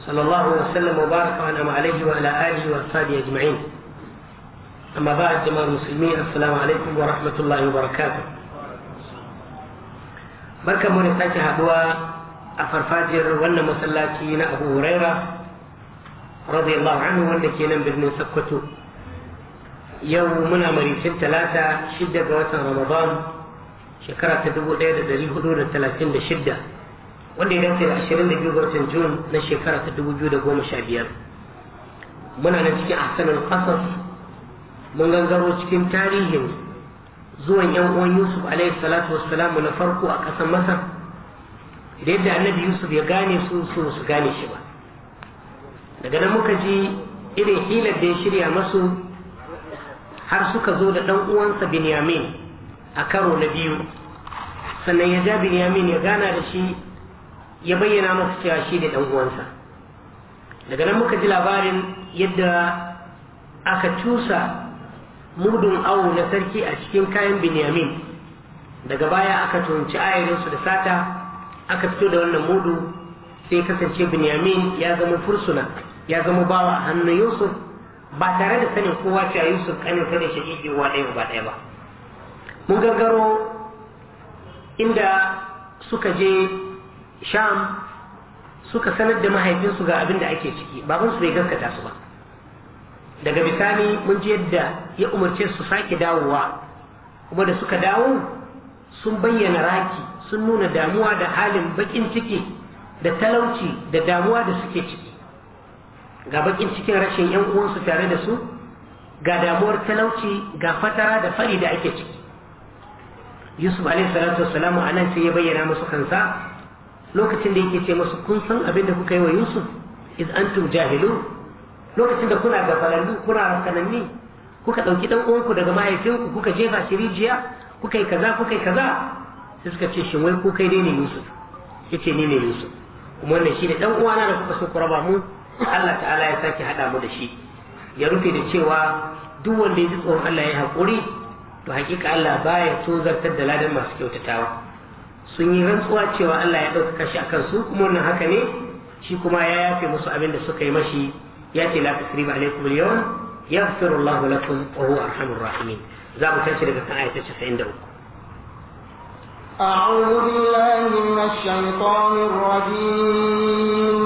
صلى الله وسلم وبارك وانعم عليه وعلى اله واصحابه اجمعين. اما بعد جماعه المسلمين السلام عليكم ورحمه الله وبركاته. بركه من ساكي هدوى افرفاجر وانا مسلاتي ابو هريره رضي الله عنه وانا كينا بن سكته. يومنا مريسين ثلاثه شده وتر رمضان شكرت دبو ليله 436 wanda ya dace da 22 ga watan Jun na shekara ta 2015 muna nan cikin ahsanul qasas mun gangaro cikin tarihin zuwan yan uwan Yusuf alayhi salatu wassalamu na farko a ƙasar Masar da yadda Annabi Yusuf ya gane su su su gane shi ba daga nan muka ji irin hilar da ya shirya masu har suka zo da ɗan uwansa Binyamin a karo na biyu sannan ya ja Binyamin ya gana da shi ya bayyana masa cewa shi ne uwansa daga nan muka ji labarin yadda aka cusa mudun awo na sarki a cikin kayan binyamin daga baya aka tunci ayarinsu da sata aka fito da wannan mudu sai kasance binyamin ya zama fursuna ya zama bawa a hannun yusuf ba tare da sanin kowa cewa yusuf kanin sanin shaƙiƙi wa ɗaya ba ɗaya ba mun gaggaro inda suka je sham suka sanar da mahaifinsu ga abin da ake ciki babansu bai gaskata su ba daga bisani mun ji yadda ya umarce su sake dawowa kuma da suka dawo sun bayyana raki sun nuna damuwa da halin bakin ciki da talauci da damuwa da suke ciki ga bakin cikin rashin yan uwansu tare da su ga damuwar talauci ga fatara da fari da ake ciki yusuf alaihi salatu wassalamu anan sai ya bayyana musu kansa lokacin da yake ce masu kun san abin da kuka yi wa yusuf iz antum jahilu lokacin da kuna gafalallu kuna sananni kuka ɗauki ɗan uwanku daga mahaifinku kuka jefa shi rijiya kuka yi kaza kuka yi kaza sai suka ce shin wai ku kai ne yusuf ya ce ni ne yusuf kuma wannan shi ne ɗan uwana da kuka so ku raba mu Allah ta'ala ya sake haɗa mu da shi ya rufe da cewa duk wanda ya ji tsoron Allah ya haƙuri to hakika Allah baya so da ladan masu kyautatawa sun yi rantsuwa cewa Allah ya ɗauka kashi a kansu kuma wannan haka ne shi kuma ya yafe musu abin da suka yi mashi ya ce la tasriba alaikum al-yawm yaghfiru Allah lakum wa huwa arhamur rahimin za mu tashi daga kan ayata 93 أعوذ بالله من الشيطان الرجيم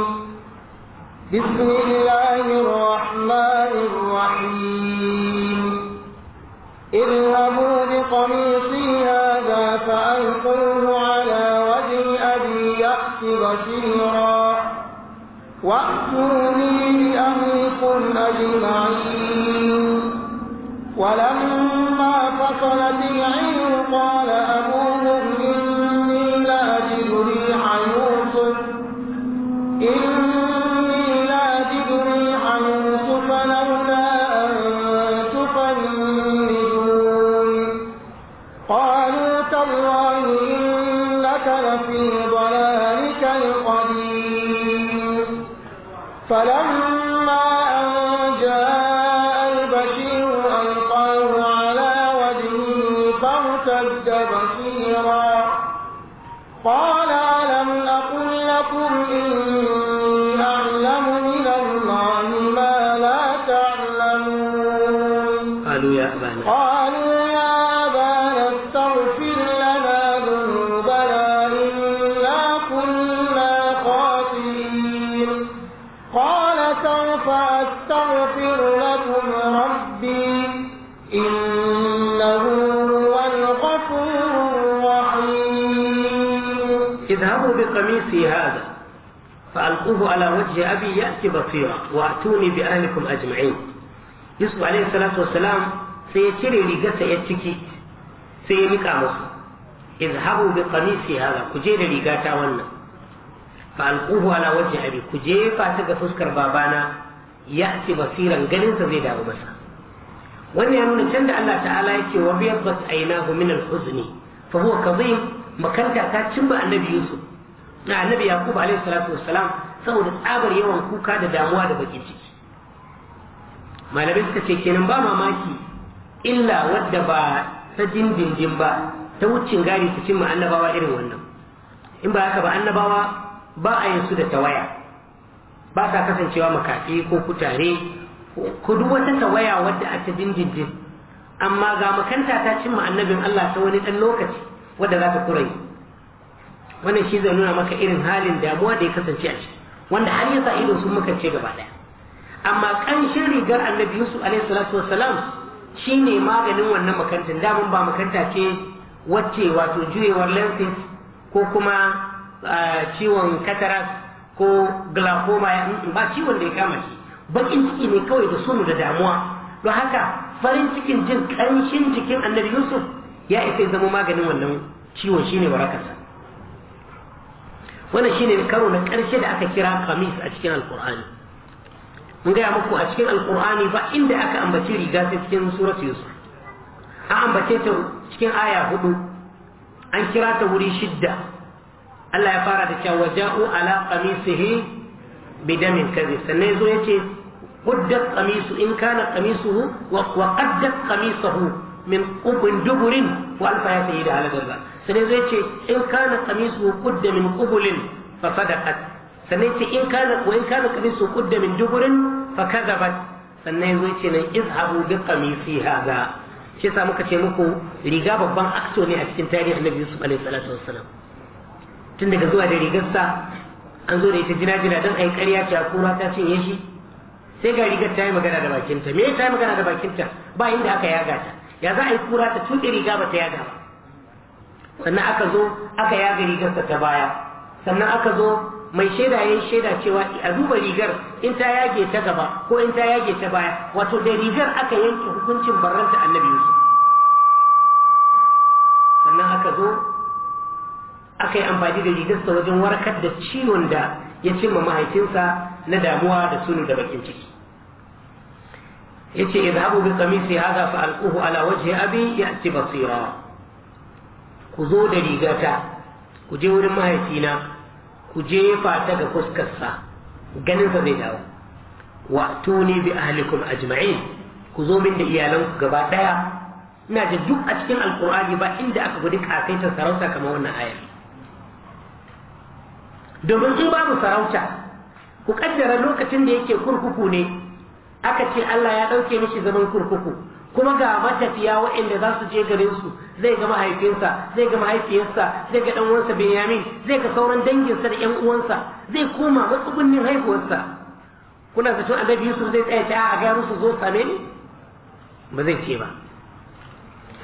بسم الله الرحمن الرحيم اذهبوا بقميصي هذا فألقوه على وجه أبي يأت بشيرا وأتوا به بأهلكم أجمعين ولما فصلت العين قال أبوهم إني لأجد ريح يوسف لفي ضلالك القديم فلما في هذا فألقوه على وجه أبي يأتي بصيرا وأتوني بأهلكم أجمعين يوسف عليه الصلاة والسلام سيتري لقسى يتكي سيريك مصر اذهبوا بقميصي هذا كجير لقاتا ونا فألقوه على وجه أبي كجير فاتك فسكر بابانا يأتي بصيرا قلن تزيدا ومسا وأن يمنى تند الله تعالى يكي وبيضت عيناه من الحزن فهو كظيم مكانتا تاتشم النبي يوسف na annabi yaqub alaihi salatu wassalam saboda tsabar yawan kuka da damuwa da bakin ciki malamai suka ce kenan ba mamaki illa wadda ba ta dindindin ba ta wucin gari ta cimma annabawa irin wannan in ba haka ba annabawa ba a yin su da tawaya ba sa kasancewa makafi ko kutare ko duk wata tawaya wadda a ta dindindin amma ga makanta ta cimma annabin Allah ta wani dan lokaci wadda za ta yi. wannan shi zai nuna maka irin halin damuwa da ya kasance a ciki wanda har yasa ido sun makance gaba daya amma kanshin rigar annabi yusuf alaihi salatu wassalam shine maganin wannan makantar daman ba makanta ce wacce wato juyewar lenses ko kuma ciwon cataract ko glaucoma ba ciwon da ya kama shi bakin ciki ne kawai da sunu da damuwa don haka farin cikin jin kanshin jikin annabi yusuf ya isa zama maganin wannan ciwon shine warakarsa wannan shine karo na ƙarshe da aka kira kamis a cikin alkur'ani mun gaya muku a cikin alkur'ani ba inda aka ambaci riga sai cikin suratu yusuf an ambace ta cikin aya hudu an kira ta wuri shidda Allah ya fara da cewa ja'u ala qamisihi bidamin kadhib sannan yazo yace quddat qamisu in kana qamisuhu wa qaddat qamisuhu min qubn duburin wa alfa yasayida ala dalal sai zai ce in kana kamisu kudda min kubulin fa sadaqat sannan ce in kana ko in kana kamisu kudda min duburin fa kadabat sannan zai ce nan izhabu bi qamisi hadha shi yasa muka ce muku riga babban akto ne a cikin tarihin Annabi Yusuf alaihi salatu wassalam tun daga zuwa da rigarsa an zo da ita jina-jina don a yi ƙarya ce a kura ta cinye shi sai ga rigar ta yi magana da bakinta me ta yi magana da bakinta ba inda aka yaga ta ya za a yi kura ta tuɗe riga ba ta yaga ba sannan aka zo aka yaga rigarsa ta baya sannan aka zo mai shaida ya yi shaida cewa a duba rigar in ta yage ta gaba ko in ta yage ta baya wato da rigar aka yanke hukuncin barranta annabi yusuf sannan aka zo aka yi amfani da rigarsa wajen warkar da ciwon da ya ma mahaifinsa na damuwa da sunu da bakin ciki yace idhabu bi qamisi hadha fa alquhu ala wajhi abi ya'ti basira ku zo da rigata ku je wurin mahaifina ku jefa ta ga fuskarsa ganinsa zai dawo wa tuni bi ahlikum ajma'in ku zo min da iyalanku gaba daya ina da duk a cikin alkur'ani ba inda aka gudu kasaitar sarauta kamar wannan ayar domin in babu sarauta ku kaddara lokacin da yake kurkuku ne aka ce Allah ya ɗauke mishi zaman kurkuku kuma ga matafiya waɗanda za su je garin su zai ga mahaifinsa zai ga mahaifiyarsa zai ga ɗan'uwansa benyamin zai ga sauran danginsa da ƴan uwansa zai koma matsugunnin haihuwarsa kuna zaton annabi yusuf zai tsaya ta a gaya musu zo same ni ba zai ce ba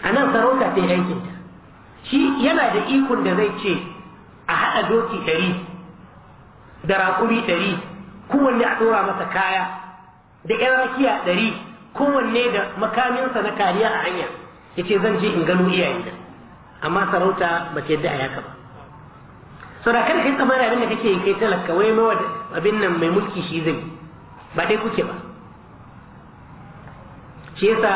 a nan sarauta ta aikin ta shi yana da ikon da zai ce a haɗa doki ɗari da raƙuri ɗari kowanne a ɗora masa kaya da ƴan rakiya ɗari kowanne da makaminsa na kariya a hanya ya ce zan je in gano iyayena amma sarauta ba ta yadda a yaka ba saboda kai tsamar abin da kake kai talaka wai mawa abin nan mai mulki shi zai ba dai kuke ba shi yasa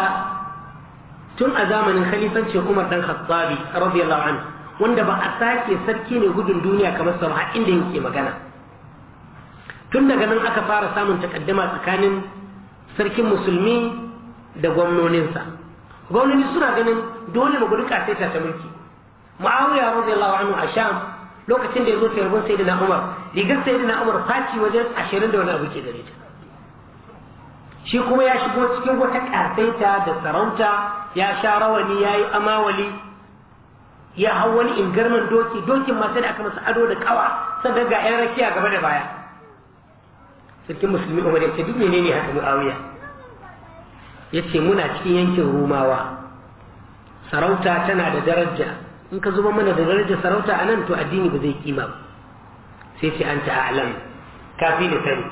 tun a zamanin khalifanci Umar dan Khattabi radiyallahu anhu wanda ba a sake sarki ne gudun duniya kamar sa har inda yake magana tun daga nan aka fara samun takaddama tsakanin sarkin musulmi da gwamnoninsa gwamnoni suna ganin dole mu gudu kasai ta mulki ma'awiya radiyallahu anhu a sham lokacin da ya zo ta tarbon sayyidina umar rigar sayyidina umar faci wajen ashirin da wani abu ke gare shi kuma ya shigo cikin wata kasaita da sarauta ya sha rawani ya yi amawali ya hau wani ingarman doki dokin masu da aka masa ado da kawa sannan ga yan rakiya gaba da baya sarkin musulmi Umar ya ce duk menene haka Muawiya ya ce muna cikin yankin Rumawa sarauta tana da daraja in ka zuba mana da daraja sarauta a nan to addini ba zai kima ba sai ce an ta alam kafi da sani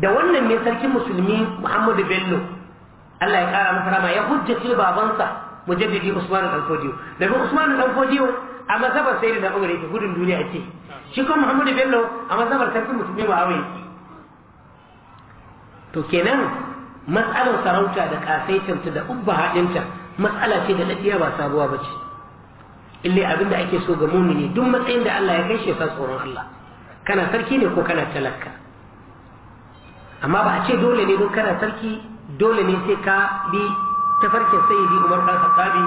da wannan ne sarkin musulmi Muhammadu Bello Allah ya kara masa rama ya hujjace babansa mujaddidi Usman al-Fodiyo daga Usman al-Fodiyo a masabar sai da Umar yake gudun duniya ce shi kuma Muhammadu Bello a masabar sarkin musulmi ba awai to kenan matsalar sarauta da kasaitarta da ubba haɗinta matsala ce da ɗaɗiya ba sabuwa ba ce illai abin da ake so ga mumini duk matsayin da Allah ya kai shi san tsoron Allah kana sarki ne ko kana talaka amma ba a ce dole ne don kana sarki dole ne sai ka bi tafarkin sayyidi Umar bin Khattabi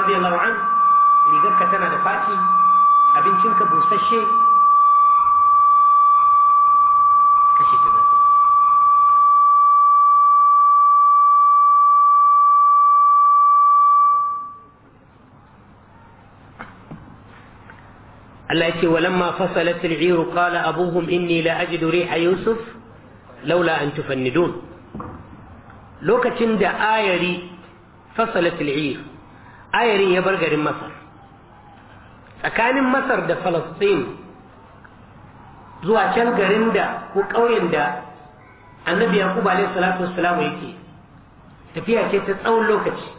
radiyallahu an rigarka tana da abincin abincinka busasshe kashe ta Allah yake walamma fasalat al-iru qala abuhum inni la ajidu riha yusuf laula an tufannidun lokacin da ayari fasalat al-ir ayarin ya bar garin masar tsakanin masar da falastin zuwa can garin da ko ƙauyen da annabi yaquba alayhi salatu wassalamu yake tafiya ce ta tsawon lokaci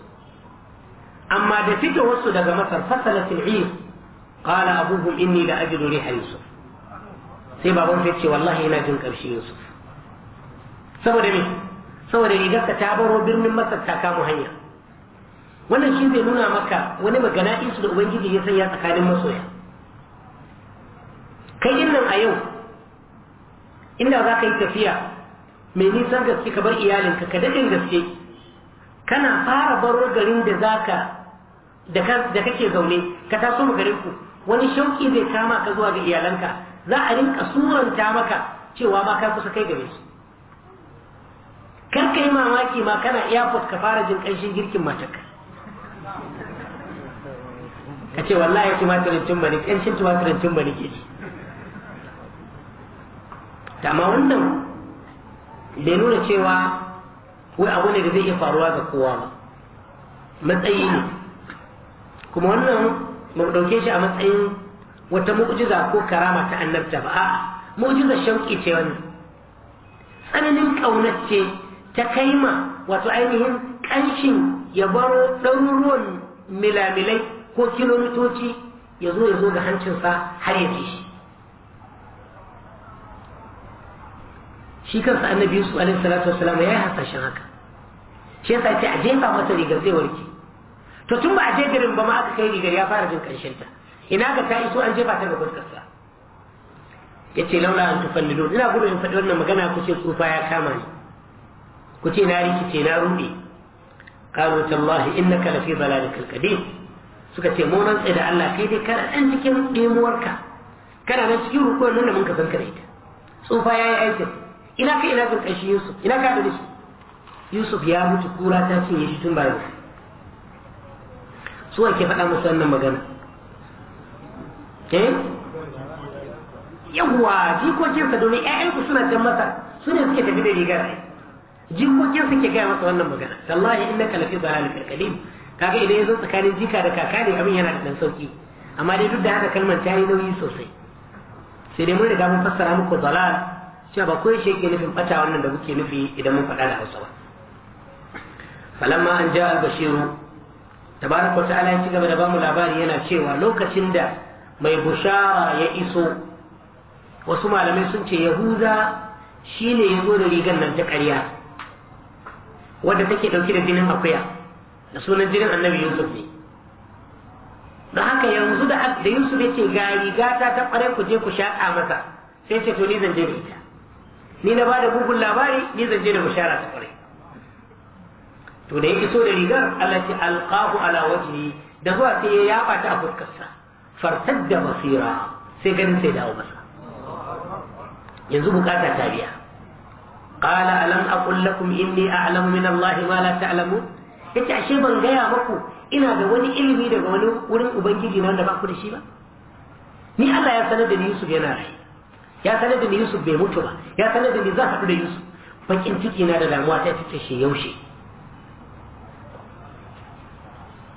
amma da wasu daga masar fasalat al-ir qala da inni la ajidu riha sai baban sai ce wallahi jin karshe yusuf saboda me saboda rigarsa ta baro birnin masar ta kamo hanya wannan shi zai nuna maka wani magana isu da ubangiji ya sanya tsakanin masoya kai yin nan a yau inda za ka yi tafiya mai nisan gaske ka bar iyalinka ka daɗin gaske kana fara baro garin da ka da kake zaune ka taso mu garin ku wani shauki zai kama ka zuwa ga iyalanka za a rinka suranta maka cewa ma ka kusa kai gare su kar ka yi mamaki ma kana airport ka fara jin ƙanshin girkin matar ka ce wallahi tumatirin tun bane ƙanshin tumatirin tun ke ji amma wannan bai nuna cewa wai abu ne da zai iya faruwa ga kowa matsayi ne kuma wannan ba mu ɗauke shi a matsayin wata mu'jiza ko karama ta annabta ba a'a mu'jizar shauƙi ce wannan tsananin ƙaunar ce ta kaima wato ainihin ƙanshin ya baro ɗaruruwan milamilai ko kilomitoci ya zo ya zo ga hancinsa har ya ji shi shi kansa annabi yusuf alaihi salatu wasalam ya yi hasashen haka shi yasa ce a jefa masa rigar zai warke to tun ba a je garin ba ma aka kai rigar ya fara jin karshen ta ina ga ta iso an jefa ta da fuskarsa ya ce laula an lilo ina gudu in faɗi wannan magana ku ce tsufa ya kama ni ku ce na rikice na ruɗe qalu tallahi innaka lafi da qadim suka ce mu nan da Allah kai dai kana dan cikin Ka kana nan cikin rukuwar nan da mun ka san ka ita tsufa ya yi aikin ina ka ina jin kashi Yusuf ina ka da shi Yusuf ya mutu kura ta cinye shi tun bayan su ake faɗa musu wannan magana eh yawwa jikokinsa domin ƴaƴanku suna can masa su ne suke tafi da rigar jikokinsa ke gaya masa wannan magana tallahi innaka lafi da kadim kaga idan yazo tsakanin jika da kaka ne abin yana da dan sauki amma dai duk da haka kalmar ta yi nauyi sosai sai dai mun riga mun fassara muku zalal cewa ba ko shi yake nufin ɓata wannan da kuke nufi idan mun faɗa da Hausa ba falamma an ja'a bashiru tabaraka ta'ala ya ci gaba da bamu labari yana cewa lokacin da mai bushara ya iso wasu malamai sun ce yahuza shine ya zo da rigar nan ta ƙarya wadda take ɗauki da jinin akuya da sunan jinin annabi yusuf ne don haka yanzu da yusuf ya ce ga riga ta ta ƙwarai ku je ku shaƙa masa sai ce to ni zan je da ita ni na ba da bugun labari ni zan je da bushara ta ƙwarai to da ya iso da rigar Allah ce alqahu ala wajhi da zuwa sai ya yaba ta a fuskarsa da basira sai ganin sai dawo masa yanzu bukata ta biya qala alam aqul lakum inni a'lamu min Allah ma la ta'lamun yace ashe ban gaya maku ina da wani ilimi daga wani wurin ubangiji na da ba ku da shi ba ni Allah ya sanar da ni Yusuf yana rai ya sanar da ni Yusuf bai mutu ba ya sanar da ni za haɗu da Yusuf bakin ciki na da damuwa ta tace shi yaushe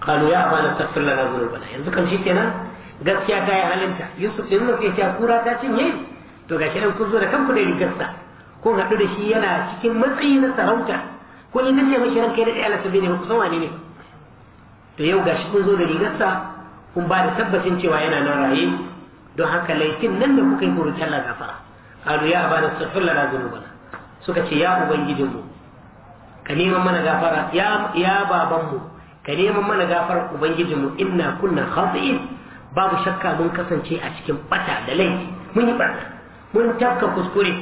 qalu ya abana taghfir lana dhunubana yanzu kam shikenan gaskiya ta yi halinta yusuf din nan ya ce kura ta cinye to gashi nan kun zo da kanku da rigarsa kun haɗu da shi yana cikin matsayi na sarauta kun yi nace mashi ranka da ala sabbi ne ba kusan wane ne to yau gashi kun zo da rigarsa kun ba da tabbacin cewa yana nan raye don haka laifin nan da kuka yi kurutan la gafara qalu ya abana taghfir lana dhunubana suka ce ya ubangijinmu ka neman mana gafara ya babanmu ka neman mana gafar ubangijinmu inna kunna khati'in babu shakka mun kasance a cikin bata da laifi mun yi barna mun tafka kuskure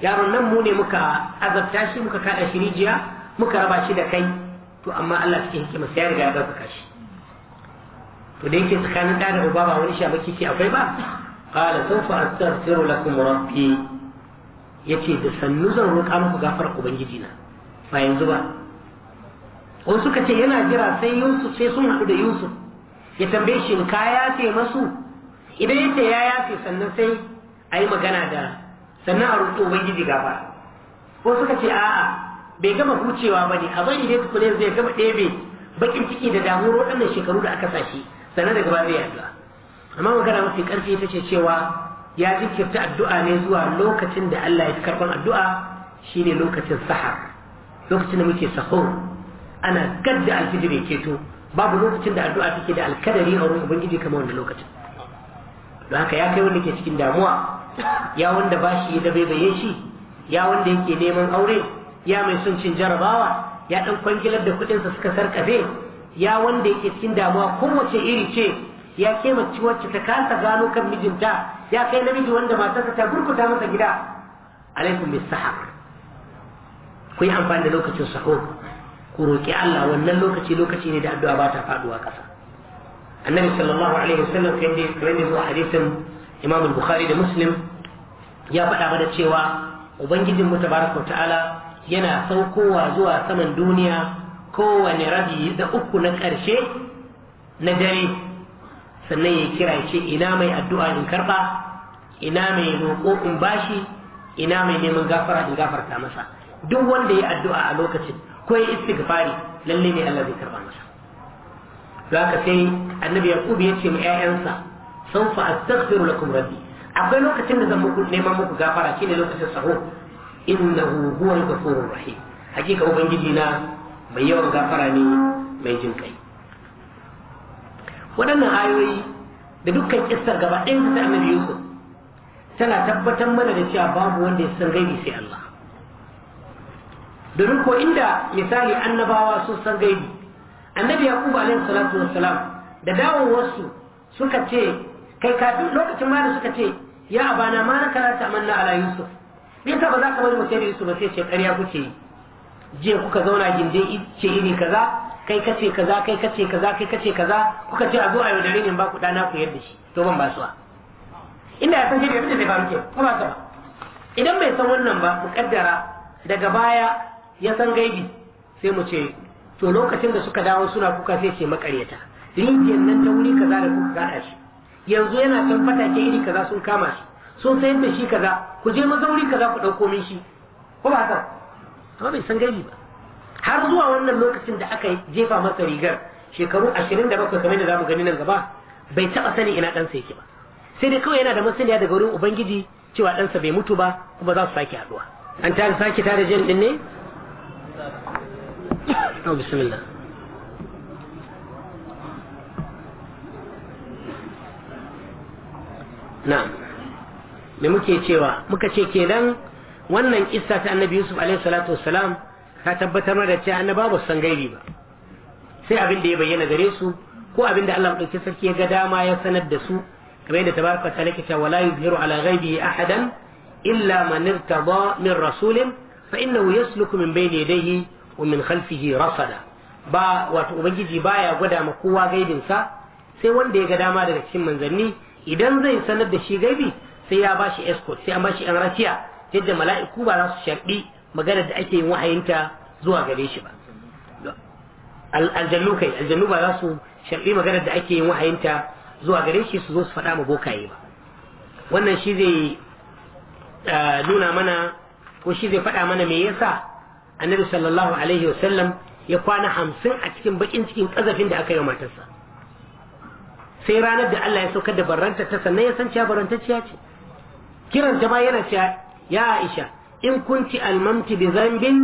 yaron nan mu ne muka azabta shi muka kada shi rijiya muka raba shi da kai to amma Allah cikin hikima sai ya riga ya ɗaukaka shi to da yake tsakanin da da uba ba wani shabaki ce akwai ba qala sawfa astaghfiru lakum rabbi yace da sannu zan roƙa muku gafar ubangiji na ba yanzu ba wasu suka ce yana jira sai yusuf sai sun haɗu da yusuf ya tambaye shi ka yafe masu idan ya ya yafe sannan sai a magana da sannan a roƙi ubangiji gaba wasu suka ce a'a bai gama hucewa ba ne a bari dai tukune zai gama ɗebe bakin ciki da damuwar waɗannan shekaru da aka sashi sannan daga ba ya addu'a amma magana mafi ƙarfi ita ce cewa ya jinkirta addu'a ne zuwa lokacin da Allah ya fi karɓar addu'a shine lokacin sahar lokacin da muke sahur ana gadda alfijir ya keto babu lokacin da addu'a take da alkadari a wurin ubangiji kamar wanda lokacin don haka ya kai wanda ke cikin damuwa ya wanda ba shi da baibaye shi ya wanda yake neman aure ya mai son cin jarabawa ya dan kwangilar da sa suka sarkafe ya wanda yake cikin damuwa kowace iri ce ya ke mace wacce ta kanta gano kan mijinta ya kai namiji wanda matarsa ta burkuta masa gida alaikum bis sahar ku yi amfani da lokacin sahur ku roƙi Allah wannan lokaci lokaci ne da addu'a ba ta faduwa ƙasa annabi sallallahu alaihi wasallam kai dai zuwa hadisin imam bukhari da muslim ya faɗa mana cewa ubangijin mu tabaraka ta'ala yana saukowa zuwa saman duniya kowane rabi da uku na ƙarshe na dare sannan ya kira ce ina mai addu'a in karɓa ina mai roƙo in bashi ina mai neman gafara in gafarta masa duk wanda ya addu'a a lokacin ko ya istighfari lalle ne Allah zai karba masa za haka sai annabi yaqub ya ce ma ƴaƴansa fa astaghfiru lakum rabbi akwai lokacin da zan muku nema muku gafara shine lokacin sahu innahu huwal ghafurur rahim hakika ubangiji na mai yawan gafara ne mai jin kai waɗannan ayoyi da dukkan kissar gaba ɗayan ta annabi yusuf tana tabbatar mana da cewa babu wanda ya san gaibi sai Allah domin ko inda misali annabawa sun san gaibi annabi yaqubu alaihi salatu wassalam da wasu suka ce kai kafin lokacin ma da suka ce ya abana ma na karata amanna ala yusuf me yasa ba za ka bari mu sai da yusuf ba sai ce ƙarya kuke yi jiya kuka zauna gindin ce iri kaza kai kace kaza kai kace kaza kai kace kaza kuka ce a zo a yau dare ne ba ku dana ku yadda shi to ban ba suwa inda ya san shi da yadda zai ba muke ko ba ta ba idan bai san wannan ba ku kaddara daga baya ya san gaibi sai mu ce to lokacin da suka dawo suna kuka sai ce makaryata rijiyar nan ta wuri kaza da kuka gada shi yanzu yana can fatake iri kaza sun kama shi sun sayar da shi kaza ku je maza wuri kaza ku ɗauko min shi ko ba haka amma bai san gaibi ba har zuwa wannan lokacin da aka jefa masa rigar shekaru ashirin da bakwai kamar da zamu gani nan gaba bai taɓa sani ina ɗansa yake ba sai dai kawai yana da masaniya daga wurin ubangiji cewa ɗansa bai mutu ba kuma za su sake haɗuwa an ta sake tare jin ɗin ne أو بسم الله me muke cewa muka ce kenan wannan kissa ta annabi yusuf alaihi salatu wassalam ta tabbatar mana da cewa annaba ba san gairi ba sai abin da ya bayyana gare su ko abin da Allah ɗauki sarki ya ga dama ya sanar da su kamar yadda tabaraka ta lake cewa la yuzhiru ala ghaibihi ahadan illa man irtada min rasulin fa innahu yasluku min bayni yadayhi wa min khalfihi rasada ba wato ubangiji baya gwada ma kowa gaibin sa sai wanda ya ga dama daga cikin manzanni idan zai sanar da shi gaibi sai ya bashi escort sai an bashi an rakiya yadda mala'iku ba za su sharbi magana da ake yin wahayinta zuwa gare shi ba aljannu kai aljannu ba za su sharbi magana da ake yin wahayinta zuwa gare shi su zo su faɗa ma bokaye ba wannan shi zai eh, nuna mana ko shi zai faɗa mana me yasa annabi sallallahu alaihi wasallam ya kwana hamsin a cikin bakin cikin kazafin da aka yi wa matarsa sai ranar da Allah ya saukar da barranta ta sannan ya san cewa barantacciya ce kiran ta ma yana cewa ya Aisha in kunti almamti bi zambin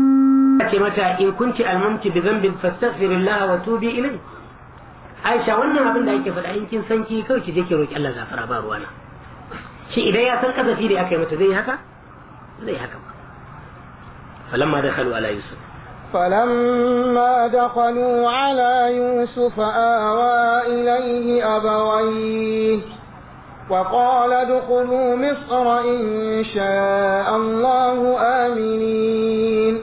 ce mata in kunti almamti bi zambin fastaghfirullah wa tubi ilai Aisha wannan abin da yake faɗa in kin san ki kawai ki je ki roki Allah gafara ba ruwana shi idan ya san kazafi da aka yi mata zai haka zai haka ba فلما دخلوا على يوسف فلما دخلوا على يوسف آوى إليه أبويه وقال ادخلوا مصر إن شاء الله آمنين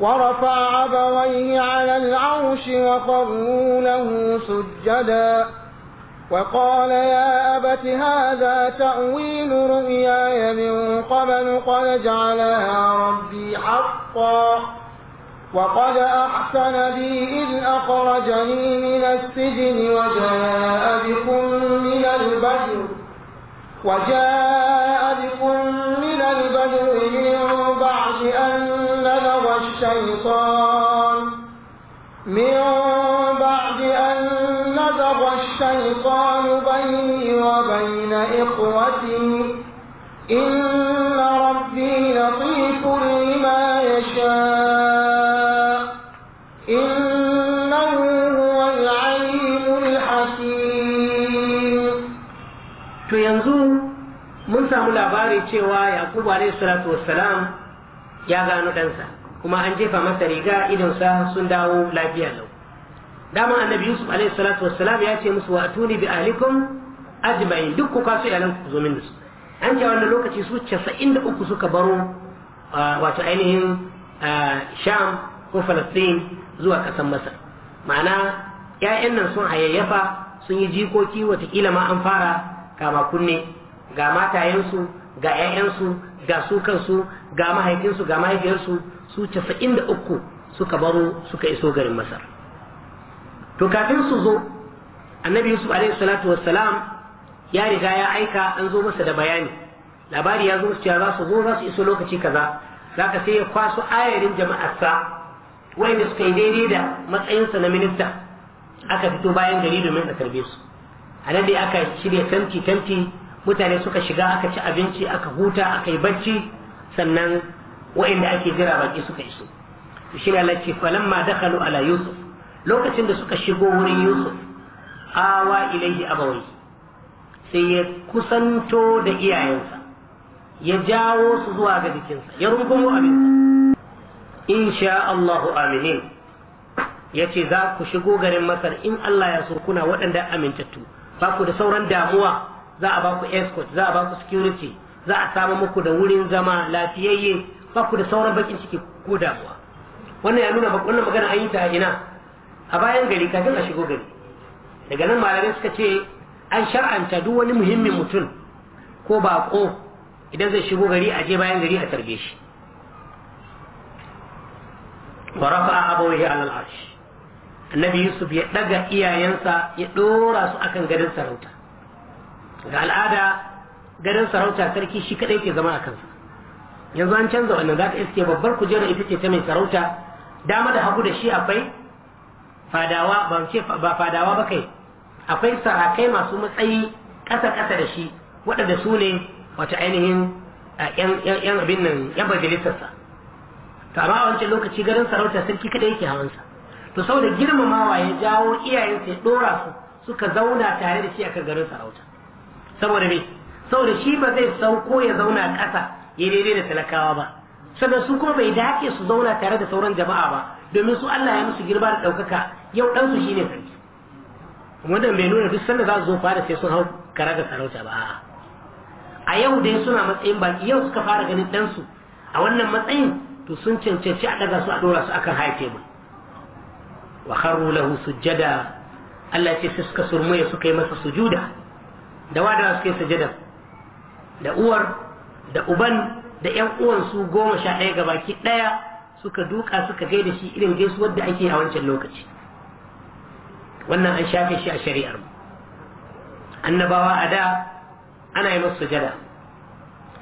ورفع أبويه على العرش وقروا له سجداً وقال يا أبت هذا تأويل رؤياي من قبل قد جعلها ربي حقا وقد أحسن بي إذ أخرجني من السجن وجاء بكم من البدر وجاء بكم من البدر من بعد أن نلغى الشيطان من زاغ الشيطان بيني وبين إخوتي إن ربي لطيف لما يشاء إنه هو العليم الحكيم to yanzu mun samu labari cewa yakubu alaihi salatu wassalam ya gano ɗansa kuma an jefa masa riga idonsa sun dawo lafiya lau dama annabi yusuf alayhi salatu wassalam ya ce musu wa atuni bi ahlikum ajma'in duk ku kasu iyalan ku zo min da su an ce wannan lokaci su 93 suka baro wato ainihin sham ko falastin zuwa kasan masar ma'ana 'ya'yan nan sun hayayyafa sun yi jikoki watakila ma an fara kama kunne ga matayensu ga 'ya'yansu ga su kansu ga mahaifinsu ga mahaifiyarsu su 93 suka baro suka iso garin masar to kafin su zo annabi yusuf alaihi salatu wassalam ya riga ya aika an zo masa da bayani labari ya zo musu cewa za su zo za su iso lokaci kaza za ka sai ya kwaso ayarin jama'arsa wanda suka yi daidai da matsayinsa na minista aka fito bayan gari domin a karbe su a nan dai aka shirya tanki-tanki mutane suka shiga aka ci abinci aka huta aka yi bacci sannan wa'inda ake jira baki suka iso shi ne Allah ce falamma dakhalu ala yusuf lokacin da suka shigo wurin yusuf awa ilaihi abawai sai ya kusanto da iyayensa ya jawo su zuwa ga jikinsa ya rungumo abin in sha Allahu aminin ya ce za ku shigo garin masar in Allah ya so kuna waɗanda amintattu ba ku da sauran damuwa za a ba ku escort za a ba ku security za a samu muku da wurin zama lafiyayye ba ku da sauran bakin ciki ko damuwa wannan ya nuna wannan magana an yi ta ina a bayan gari kafin a shigo gari daga nan malamai suka ce an shar'anta duk wani muhimmin mutum ko bako idan zai shigo gari a je bayan gari a tarbe shi wa rafa'a ya alal arsh annabi yusuf ya daga iyayensa ya dora su akan gadon sarauta ga al'ada gadon sarauta sarki shi kadai ke zama a kansa yanzu an canza wannan za ka iske babbar kujerar ita ce ta mai sarauta dama da hagu da shi akwai fadawa ba ce ba fadawa ba kai akwai sarakai masu matsayi ƙasa ƙasa da shi waɗanda su ne wata ainihin yan abin nan yan majalisarsa to amma a wancan lokaci garin sarauta sarki kada yake hawansa to saboda girmamawa ya jawo iyayensa ya ɗora su suka zauna tare da shi akan garin sarauta saboda me saboda shi ba zai sauko ya zauna ƙasa ya daidai da talakawa ba sannan su kuma bai dace su zauna tare da sauran jama'a ba domin su Allah ya musu girba da ɗaukaka yau ɗansu shi ne sarki wanda bai nuna duk sanda za su zo fara sai sun hau kara ga sarauta ba a yau dai suna matsayin baki yau suka fara ganin ɗansu a wannan matsayin to sun cancanci a ɗaga su a ɗora su akan haife mu wa kharru lahu sujjada Allah ce sai suka surmuye suka yi masa sujuda da wada suka yi sujada da uwar da uban da ƴan uwansu goma sha ɗaya ga baki ɗaya suka duka suka gaida shi irin gaisu wadda ake a wancan lokaci wannan an shafe shi a shari'ar mu annabawa a da ana yi musu sujada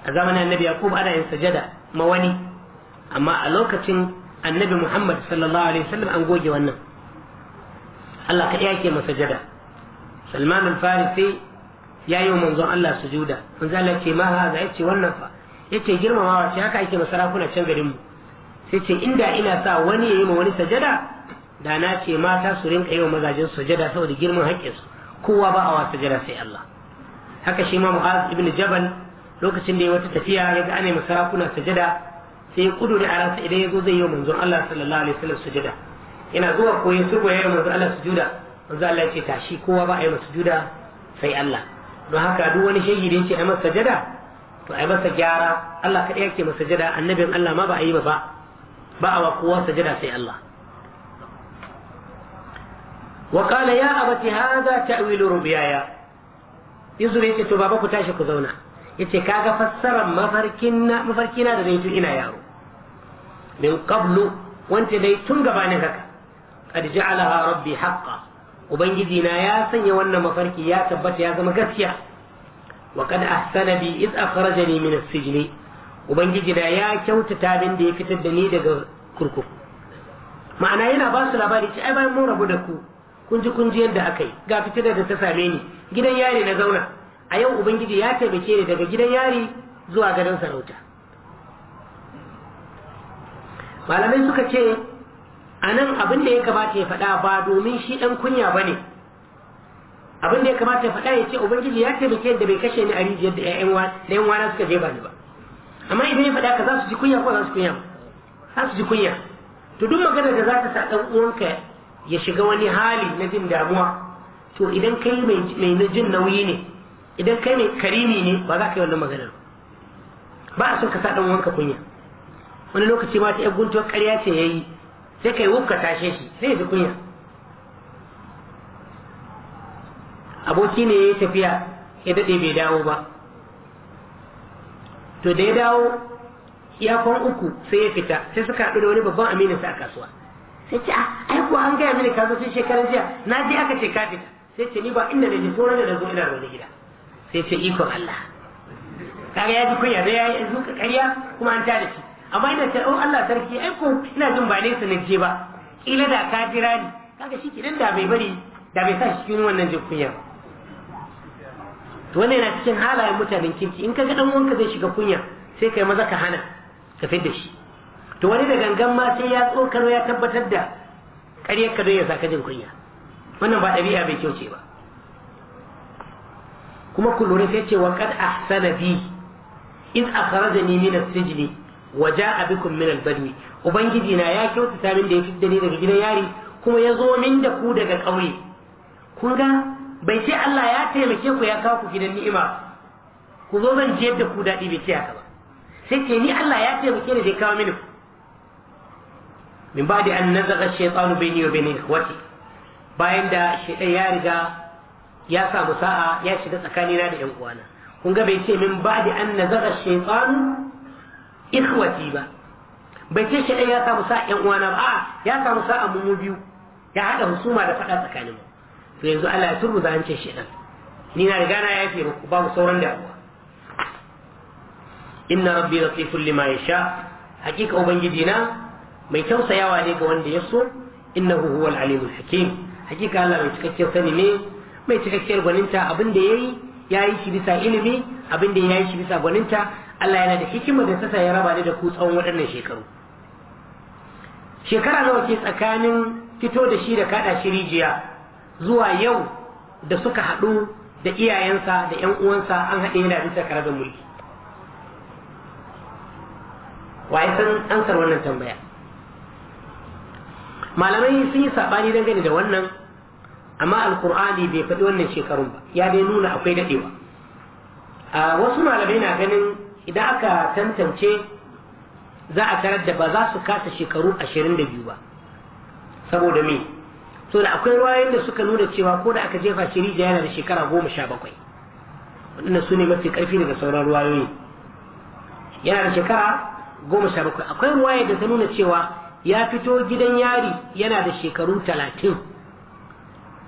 a zamanin annabi yaqub ana yin sujada ma wani amma a lokacin annabi muhammad sallallahu alaihi wasallam an goge wannan Allah ka iya ke masajada salman al-farisi ya yi wa manzon Allah sujuda manzo Allah ce ma haza ce wannan fa ce girmamawa ce haka ake masarakuna can garin mu sai ce inda ina sa wani ya yi ma wani sajada da na ce mata su rinka yi wa su sajada saboda girman haƙƙinsu kowa ba a wa sajada sai Allah haka shi ma Mu'az ibn Jabal lokacin da ya wata tafiya ya ga ana masarakuna sajada sai ya kudure a ransa idan ya zo zai yi wa manzon Allah sallallahu alaihi wasallam sajada. yana zuwa ko ya ya yi manzon Allah sujuda manzon Allah ya ce tashi kowa ba a yi masa sujuda sai Allah don haka duk wani shehi da yake a masa sajada to a masa gyara Allah kaɗai yake masa sajada annabin Allah ma ba a yi ba ba a kowa sajada sai Allah wa qala ya abati hadha ta'wilu rubyaya yanzu ne to baba ku tashi ku zauna yace kaga fassarar mafarkin na mafarki na da nayi tun ina yaro min qablu wanta dai tun gabanin haka qad ja'alaha rabbi haqqan ubangiji na ya sanya wannan mafarki ya tabbata ya zama gaskiya wa qad ahsana bi id akhrajani min as-sijni ubangiji na ya kyautata min da ya fitar da ni daga kurkuku ma'ana yana ba su labari ce ai bayan mun rabu da ku kun ji kun ji yadda aka yi ga fitinar da ta same ni gidan yari na zauna a yau ubangiji ya taimake ni daga gidan yari zuwa gadon sarauta malamai suka ce a nan abin da ya kamata ya faɗa ba domin shi ɗan kunya ba ne abin da ya kamata ya faɗa ya ce ubangiji ya taimake da bai kashe ni a rijiyar da 'yan wana suka jefa ni ba amma idan ya faɗa ka za su ji kunya ko za su kunya za su ji kunya to duk magana da za ta sa ɗan uwanka ya shiga wani hali na jin damuwa to idan kai mai jin nauyi ne idan kai mai karimi ne ba za ka yi wannan magana ba a son ka sa ɗan uwanka kunya wani lokaci ma ta yan guntuwar ƙarya ce ya yi sai ka yi ka tashe shi sai ya ji kunya aboki ne ya yi tafiya ya daɗe bai dawo ba to da ya dawo iyakon uku sai ya fita sai suka haɗu da wani babban amininsa a kasuwa sai ce ah, ai kuwa an gaya mini kazo tun shekaran jiya na je aka ce ka fita sai ce ni ba inda da je sauran da na zo ina da wani gida sai ce ikon Allah kaga ya ji kunya da ya yi zuka ƙarya kuma an tada shi amma ina ce oh Allah sarki ai ko ina jin ba nesa na je ba kila da ka jira ni kaga shi kidan da bai bari da bai sa shi cikin wannan jin kunya ba to wannan yana cikin halayen mutanen kirki in ka ga dan wanka zai shiga kunya sai kai maza ka hana ka da shi to wani da gangan ma sai ya tsokano ya tabbatar da ƙaryar ka don ya saka jin kunya wannan ba ɗabi'a bai kyau ce ba kuma ku lura sai ce wa qad ahsana bi iz akhrajani min as-sijni wa ja'a bikum min al-badwi ubangiji na ya kyautata min da ya fidda ni daga gidan yari kuma ya zo min da ku daga ƙauye kun ga bai ce Allah ya taimake ku ya kawo ku gidan ni'ima ku zo zan je da ku daɗi bai ce haka ba sai ce ni Allah ya taimake ni da kawo mini ku min ba da an nazaga shaytanu baini wa baini ikhwati bayan da shaytan ya riga ya samu sa'a ya shiga tsakanina da yan uwana kun ga bai ce min ba da an nazaga shaytanu ikhwati ba bai ce shaytan ya samu sa'a yan uwana ba a ya samu sa'a mu biyu ya haɗa husuma da faɗa tsakaninmu to yanzu Allah ya ce hancin shedan ni na riga na yafe muku ba mu sauran damuwa inna rabbi latiful lima yasha hakika ubangiji na mai tausayawa ne ga wanda ya so innahu huwal alimul hakim hakika Allah mai cikakken sani ne mai cikakkiyar gwaninta abin da yayi ya yi shi bisa ilimi abin da ya yi shi bisa gwaninta Allah yana da hikima da sasa ya raba ni da ku tsawon waɗannan shekaru shekara nawa ke tsakanin fito da shi da kaɗa shi rijiya zuwa yau da suka haɗu da iyayensa da ‘yan uwansa an haɗe yana bisa da mulki waye san ansar wannan tambaya malamai sun yi saɓani dangane da wannan amma alkur'ani bai faɗi wannan shekarun ba ya dai nuna akwai daɗewa a wasu malamai na ganin idan aka tantance za a tarar da ba za su kasa shekaru ashirin da biyu ba saboda me so da akwai ruwayoyin da suka nuna cewa ko da aka jefa shi rijiya yana da shekara goma sha bakwai waɗanda su ne mafi ƙarfi daga sauran ruwayoyi yana da shekara goma sha bakwai akwai ruwaya da ta nuna cewa ya fito gidan yari yana da shekaru talatin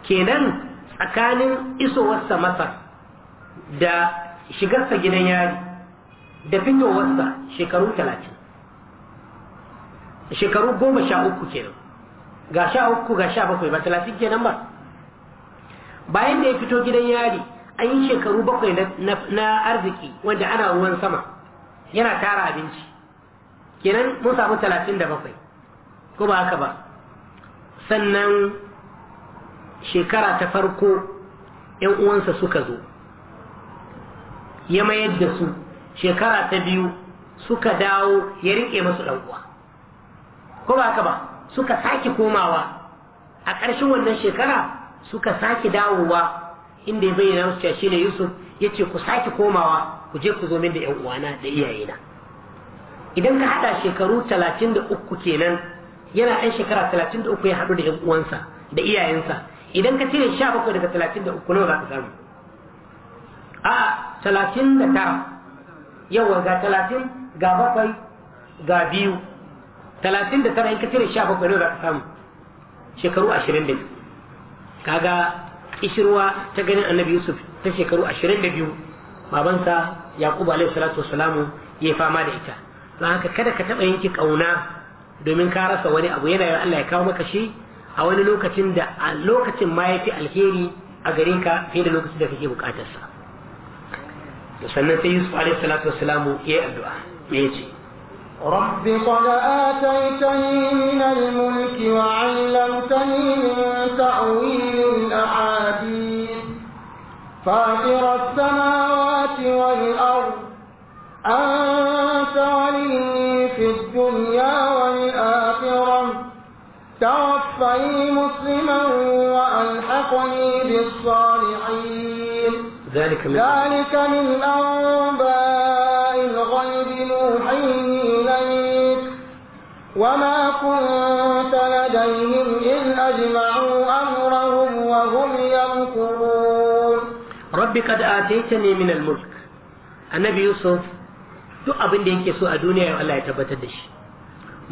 kenan tsakanin isowarsa masar da shigarsa gidan yari da finyowarsa shekaru talatin shekaru goma sha uku kenan ga sha uku ga sha bakwai ba talatin kenan ba bayan da ya fito gidan yari an yi shekaru bakwai na arziki wanda ana ruwan sama yana tara abinci kenan mun samu talatin da bakwai ko ba haka ba sannan shekara ta farko yan uwansa suka zo ya mayar da su shekara ta biyu suka dawo ya riƙe masu ɗan'uwa ko ba haka ba suka sake komawa a ƙarshen wannan shekara suka sake dawowa inda ya bayyana musu cewa shine Yusuf yace ku sake komawa ku je ku zo min da ƴan uwana da iyayena idan ka hada shekaru 33 kenan yana ɗan shekara 33 ya haɗu da ƴan uwansa da iyayensa idan ka cire 17 daga 33 nawa za ka samu a 39 yawa ga 30 ga 7 ga 2 talatin da tara in ka cire sha bakwai ne za ka samu shekaru ashirin da biyu kaga kishirwa ta ganin annabi yusuf ta shekaru ashirin da biyu babansa yaƙubu alaihi salatu wasalamu ya fama da ita don haka kada ka taɓa yanki ƙauna domin ka rasa wani abu yana yawan allah ya kawo maka shi a wani lokacin da a lokacin ma ya fi alheri a gare ka fiye da lokacin da kake bukatarsa sannan sai yusuf alaihi salatu wasalamu ya yi addu'a me ya ce رب قد آتيتني من الملك وعلمتني من تأويل الأحاديث فاطر السماوات والأرض أنت ولي في الدنيا والآخرة توفني مسلما وألحقني بالصالحين ذلك من, ذلك من أنباء وما كنت لديهم إذ أجمعوا أمرهم وهم يمكرون رب قد آتيتني من الملك النبي يوسف duk abin da yake so a duniya Allah ya tabbatar da shi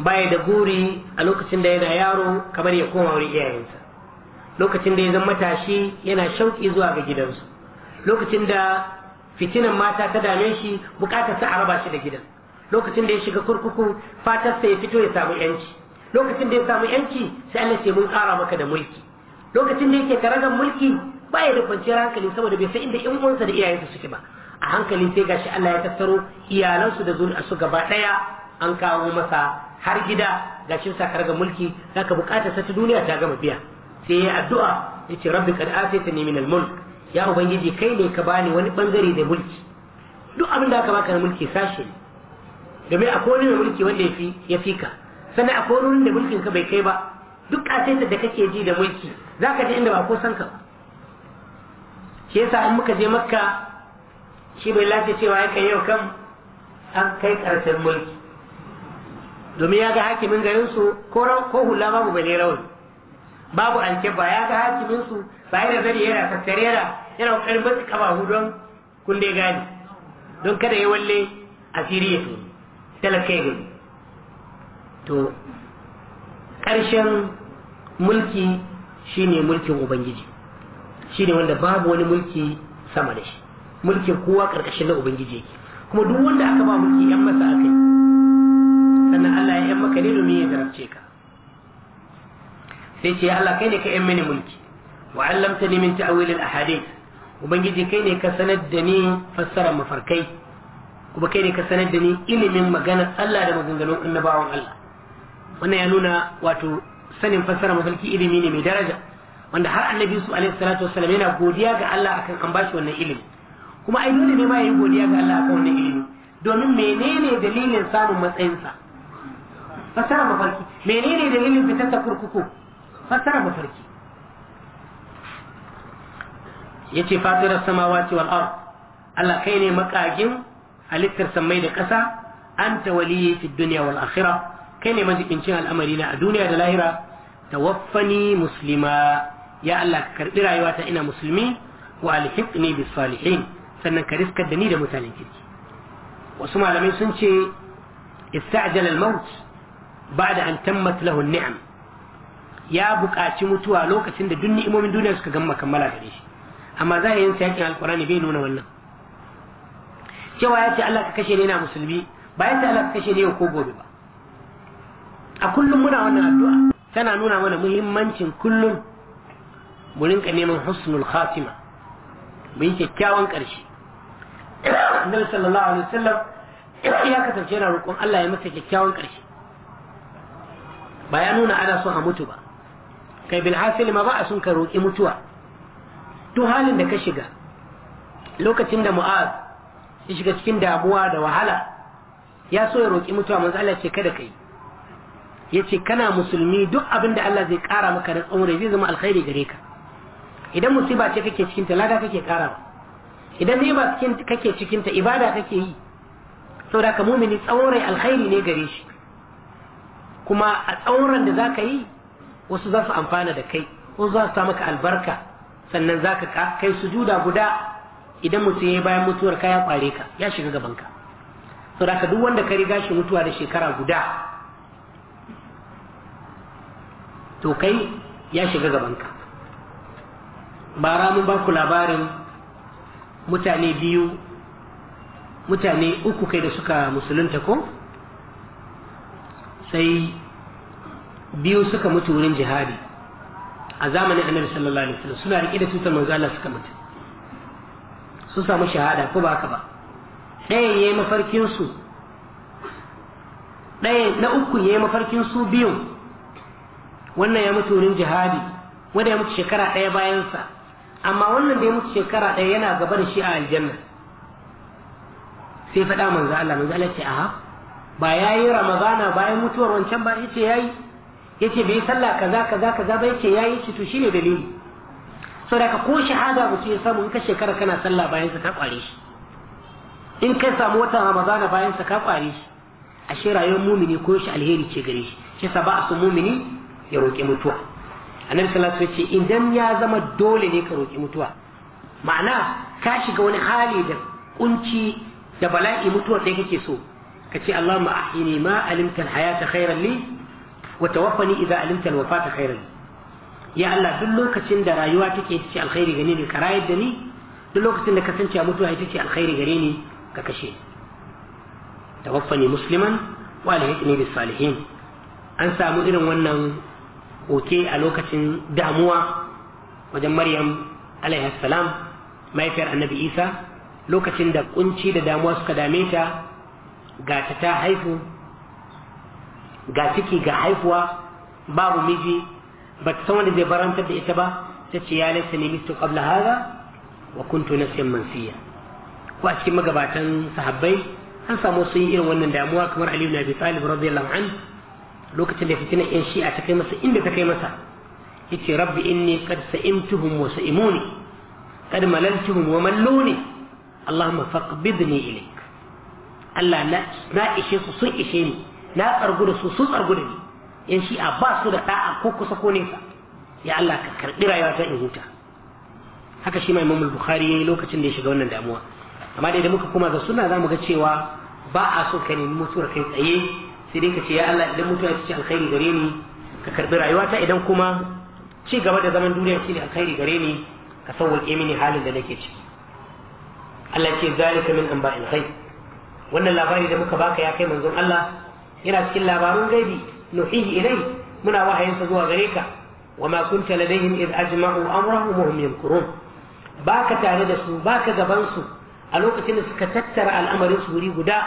baya da guri a lokacin da yana yaro kamar ya koma wurin iyayensa lokacin da ya zama matashi yana shauki zuwa ga gidansu lokacin da fitinan mata ta dame shi bukatar sa a raba shi da gidan lokacin da ya shiga kurkuku fatarsa ya fito ya samu yanci lokacin da ya samu yanci sai Allah ce mun kara maka da mulki lokacin da yake karagan mulki ba ya da kwanciyar hankali saboda bai san inda yan uwansa da iyayensa suke ba a hankali sai gashi Allah ya tattaro iyalansu da a su gaba ɗaya an kawo masa har gida gashin sa karagan mulki zaka bukatar sa ta duniya ta gama biya sai ya addu'a yace rabbi qad ataytani min al-mulk ya ubangiji kai ne ka bani wani bangare da mulki duk abin da aka baka na mulki sashe ne domin akwai wani mulki wanda ya fi ka sannan akwai wani da mulkin ka bai kai ba duk ƙasaitar da kake ji da mulki za ka je inda ba ko san ka shi yasa an muka je makka shi bai lafi cewa kai yau kan an kai ƙarshen mulki domin ya ga hakimin garinsu ko hula babu bane rawar babu an ba ya ga hakiminsu ba yana zari yana tattare yana yana ƙarfin ƙafafu don kun dai gane don kada ya walle asiri ya tuni talaka gari to ƙarshen mulki shine mulkin ubangiji shine wanda babu wani mulki sama da shi mulkin kowa ƙarƙashin na ubangiji yake kuma duk wanda aka ba mulki yan masa aka yi sannan Allah ya yan maka ne domin ya zarafce ka sai ce Allah kai ne ka yan mini mulki wa allamta ni min ta'awil al ahadith ubangiji kai ne ka sanar da ni fassarar mafarkai kuma kai ne ka sanar da ni ilimin maganar Allah da maganganun annabawan Allah wannan ya nuna wato sanin fassara mafarki ilimi ne mai daraja wanda har annabi su alaihi salatu wasallam yana godiya ga Allah akan an bashi wannan ilimi kuma ai dole ne ma yayin godiya ga Allah akan wannan ilimi domin menene dalilin samun matsayinsa fassara mafarki menene dalilin fitar kurkuku fassara mafarki yace fatirar samawati wal ard Allah kai ne makagin halittar sammai da ƙasa anta waliyyi fid dunya wal kai ne majibincin al'amari na a duniya da lahira tawaffani muslima ya Allah ka karbi ta ina musulmi wa alhiqni bis salihin sannan ka riskar da ni da mutanen kirki wasu malamai sun ce ista'jal al maut ba'da an tammat lahu ni'am ya buƙaci mutuwa lokacin da duk imomin duniya suka gama kammala gare shi amma zahirin sa yakin alqur'ani bai nuna wannan cewa ya ce Allah ka kashe ne na musulmi ba ya ce Allah ka kashe ne ko gobe ba a kullum muna wannan addu'a tana nuna mana muhimmancin kullum mu rinka neman husnul khatima mu yi kyakkyawan ƙarshe annabi sallallahu alaihi wasallam ya kasance yana roƙon Allah ya masa kyakkyawan ƙarshe ba ya nuna ana son a mutu ba kai bil hasili ma ba a son ka roƙi mutuwa duk halin da ka shiga lokacin da mu'az ya shiga cikin damuwa da wahala ya so ya roƙi mutuwa manzo Allah ce kada kai yace kana musulmi duk abin da Allah zai kara maka da tsauri zai zama alkhairi gare ka idan musiba ce kake cikin ta lada kake kara idan ni'ima cikin kake cikin ta ibada kake yi saboda ka mumini tsawon alkhairi ne gare shi kuma a tsawon da zaka yi wasu za su amfana da kai wasu za su sa maka albarka sannan zaka kai sujuda guda idan mutum ya bayan mutuwar ka ya kware ka ya shiga gaban ka saboda duk wanda ka riga shi mutuwa da shekara guda to kai ya shiga gaban ka bara mun ba ku labarin mutane biyu mutane uku kai da suka musulunta ko sai biyu suka mutu wurin jihadi a zamanin annabi sallallahu alaihi wasallam suna rike da tutar manzo Allah suka mutu sun samu shahada ko ba ka ba ɗayan ya yi mafarkin su ɗayan na uku ya yi mafarkin su biyun wannan ya mutu wurin jihadi wanda ya mutu shekara ɗaya bayansa amma wannan da ya mutu shekara ɗaya yana gaba da shi a aljanna sai faɗa manzo Allah manzo Allah ce aha ba yayi ramadana bayan mutuwar wancan ba yace yayi yace bai sallah kaza kaza kaza ba yace yayi ce to shine dalili ka ko shahada mutum ya samu in ka shekara kana sallah bayan sa ka kware shi in ka samu watan ramadana bayan sa ka kware shi ashe rayuwar mumini ko shi alheri ce gare shi shi sa ba a mumini ya roƙi mutuwa annabi sallallahu alaihi wasallam idan ya zama dole ne ka roƙi mutuwa ma'ana ka shiga wani hali da kunci da bala'i mutuwar da kake so ka ce Allahumma ahyini ma alimta alhayata khairan li wa tawaffani idza alimta alwafata khairan li ya Allah duk lokacin da rayuwa take ita ce alkhairi gare ni ka rayar da ni duk lokacin da kasance mutuwa ita ce alkhairi gare ni ka kashe tawaffani musliman wa alhiqni bis salihin an samu irin wannan oke a lokacin damuwa wajen maryam alaihi salam mahaifiyar annabi isa lokacin da kunci da damuwa suka dame ta ga ta ga ciki ga haihuwa babu miji ba ta san wanda zai barantar da ita ba ta ce ya laisa ne mistu qabla hada wa kuntu nasiyan mansiya ko a cikin magabatan sahabbai an samu sun yi irin wannan damuwa kamar ali na Abi Talib radiyallahu an lokacin da fitinar yan shi'a ta kai masa inda ta kai masa yace rabbi inni qad sa'imtuhum wa sa'imuni qad malaltuhum wa malluni allahumma faqbidni ilayk Allah na ishe su sun ishe ni na tsargu da su sun tsargu da ni yan shi'a ba su da ɗa'a ko kusa ko nesa ya Allah ka karbi rayuwa ta in huta haka shi mai imam bukhari yi lokacin da ya shiga wannan damuwa amma da muka koma ga sunna zamu ga cewa ba a so ka nemi mutuwar kai tsaye sai dai ka ce ya Allah idan mutuwa ta ce alkhairi gare ni ka karbi rayuwata idan kuma ci gaba da zaman duniya shine alkhairi gare ni ka sauwaƙe mini halin da nake ciki Allah ce zalika min anba'il ghaib wannan labari da muka baka ya kai manzon Allah yana cikin labarun gaibi nuhihi ilai muna wahayinsa zuwa gare ka wa ma kunta ladaihim id ajma'u amrahum wa hum yankurun baka tare da su baka gaban su a lokacin da suka tattara al'amarin su wuri guda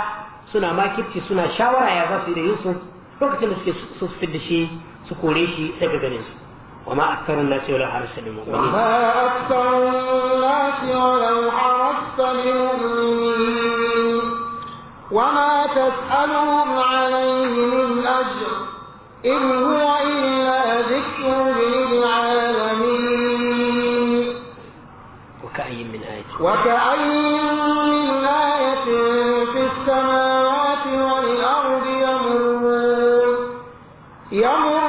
suna makirci suna shawara ya za su yi da Yusuf lokacin da suke su fitar da shi su kore shi daga ganin su وما أكثر الناس ولو حرصت بمؤمنين وما أكثر الناس ولو حرصت بمؤمنين وما تسألهم عن إن هو إلا ذكر للعالمين وكأي من آية وكأي من آية في السماوات والأرض يمرون يمرون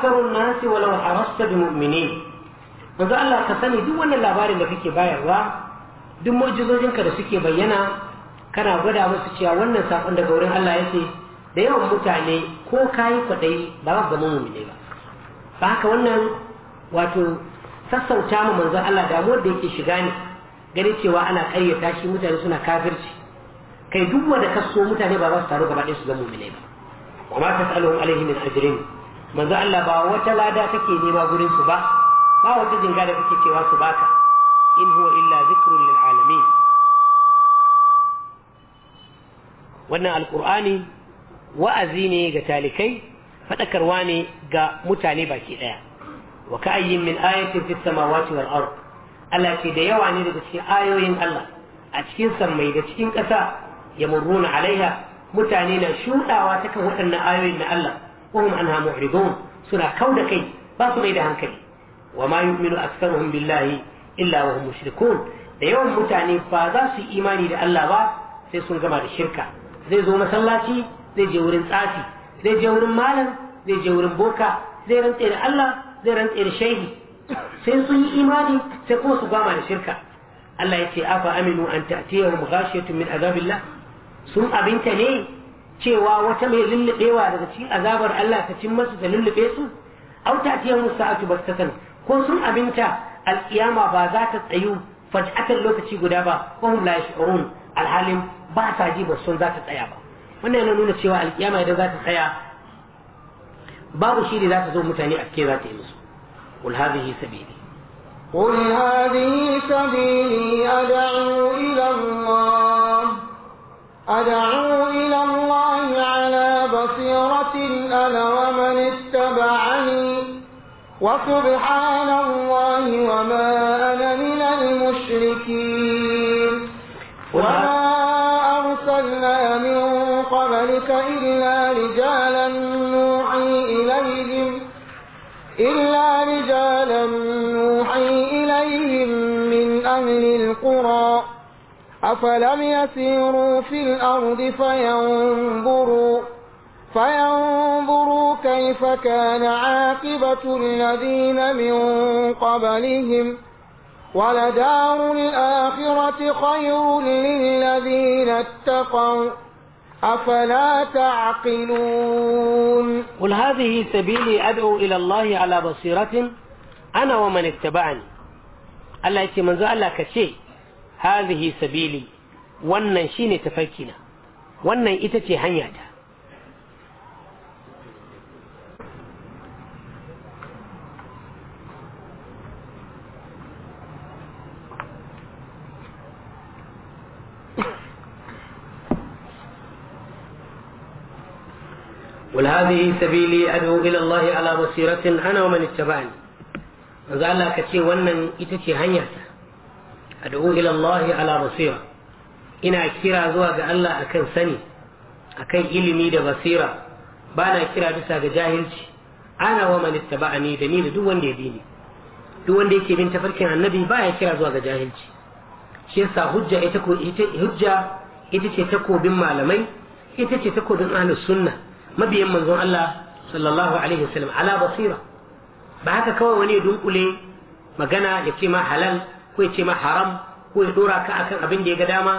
aktharun nasi walau harasta da mu'minin manzo Allah ka sani duk wannan labarin da kake bayarwa duk ka da suke bayyana kana gwada musu cewa wannan sakon daga wurin Allah yake da yawan mutane ko kayi kwadai ba za mu'mini ba ba haka wannan wato sassauta mu manzo Allah damuwar da yake shiga ne gani cewa ana ƙaryata shi mutane suna kafirci kai duk wanda ka so mutane ba za su taru gaba ɗaya su zama mu'mini ba wa ta tasaluhum alaihi min ajrin manzo Allah ba wata lada take nema gurin su ba ba wata jinga da kake cewa su baka in huwa illa zikrun lil alamin wannan alqur'ani wa'azi ne ga talikai fadakarwa ne ga mutane baki daya wa ka'ayyin min ayatin fis samawati wal ard Allah ce da yawa ne daga cikin ayoyin Allah a cikin sammai da cikin ƙasa yamurruna alaiha mutane na shudawa ta kan waɗannan ayoyin na Allah suna وهم عنها معرضون سنا كودكي باسو ميدا هنكلي وما يؤمن أكثرهم illa إلا وهم مشركون da yawan mutane ba za su imani da Allah ba sai sun gama da shirka zai zo masallaci zai je wurin tsafi zai je wurin malam zai je wurin boka zai rantse da Allah zai rantse da shehi sai sun yi imani sai kuma su gama da shirka Allah ya ce afa aminu an ta'tiyahum ghashiyatun min azabillah sun abinta ne cewa wata mai lullubewa daga cikin azabar Allah ta cin masu da lullube su auta ta yawon ta sani, ko sun abinta alkiyama ba za ta tsayu faj'atan lokaci guda ba ko hum la yash'urun alhalin ba ta ji ba sun za ta tsaya ba wannan yana nuna cewa alkiyama idan za ta tsaya babu shiri za ta zo mutane a ke za ta yi musu qul hadhihi sabili أدعو إلى الله على بصيرة أنا ومن اتبعني وسبحان الله وما أنا من المشركين وما أرسلنا من قبلك إلا رجالا نوحي إليهم إلا رجالا نوحي إليهم من أهل القرى أفلم يسيروا في الأرض فينظروا فينظروا كيف كان عاقبة الذين من قبلهم ولدار الآخرة خير للذين اتقوا أفلا تعقلون قل هذه سبيلي أدعو إلى الله على بصيرة أنا ومن اتبعني Allah ya ce manzo hadhihi sabili wannan shine tafarkina wannan ita ce hanyata قل هذه سبيلي أدعو إلى الله على بصيرة أنا ومن اتبعني manzo Allah ka ce wannan ita ce hanyarsa ad'u ila Allah ala basira ina kira zuwa ga Allah akan sani akan ilimi da basira ba na kira bisa ga jahilci ana wa man ittaba'ani da ni da duk wanda ya bi ni duk wanda yake bin tafarkin annabi ba ya kira zuwa ga jahilci shi yasa hujja ita ko ita hujja ita ce takobin malamai ita ce takobin ahlus sunna mabiyan manzon Allah sallallahu alaihi wasallam ala basira ba haka kawai wani dunkule magana ya ce ma halal ko ya ce ma haram ko ya dora ka akan abin da ya ga dama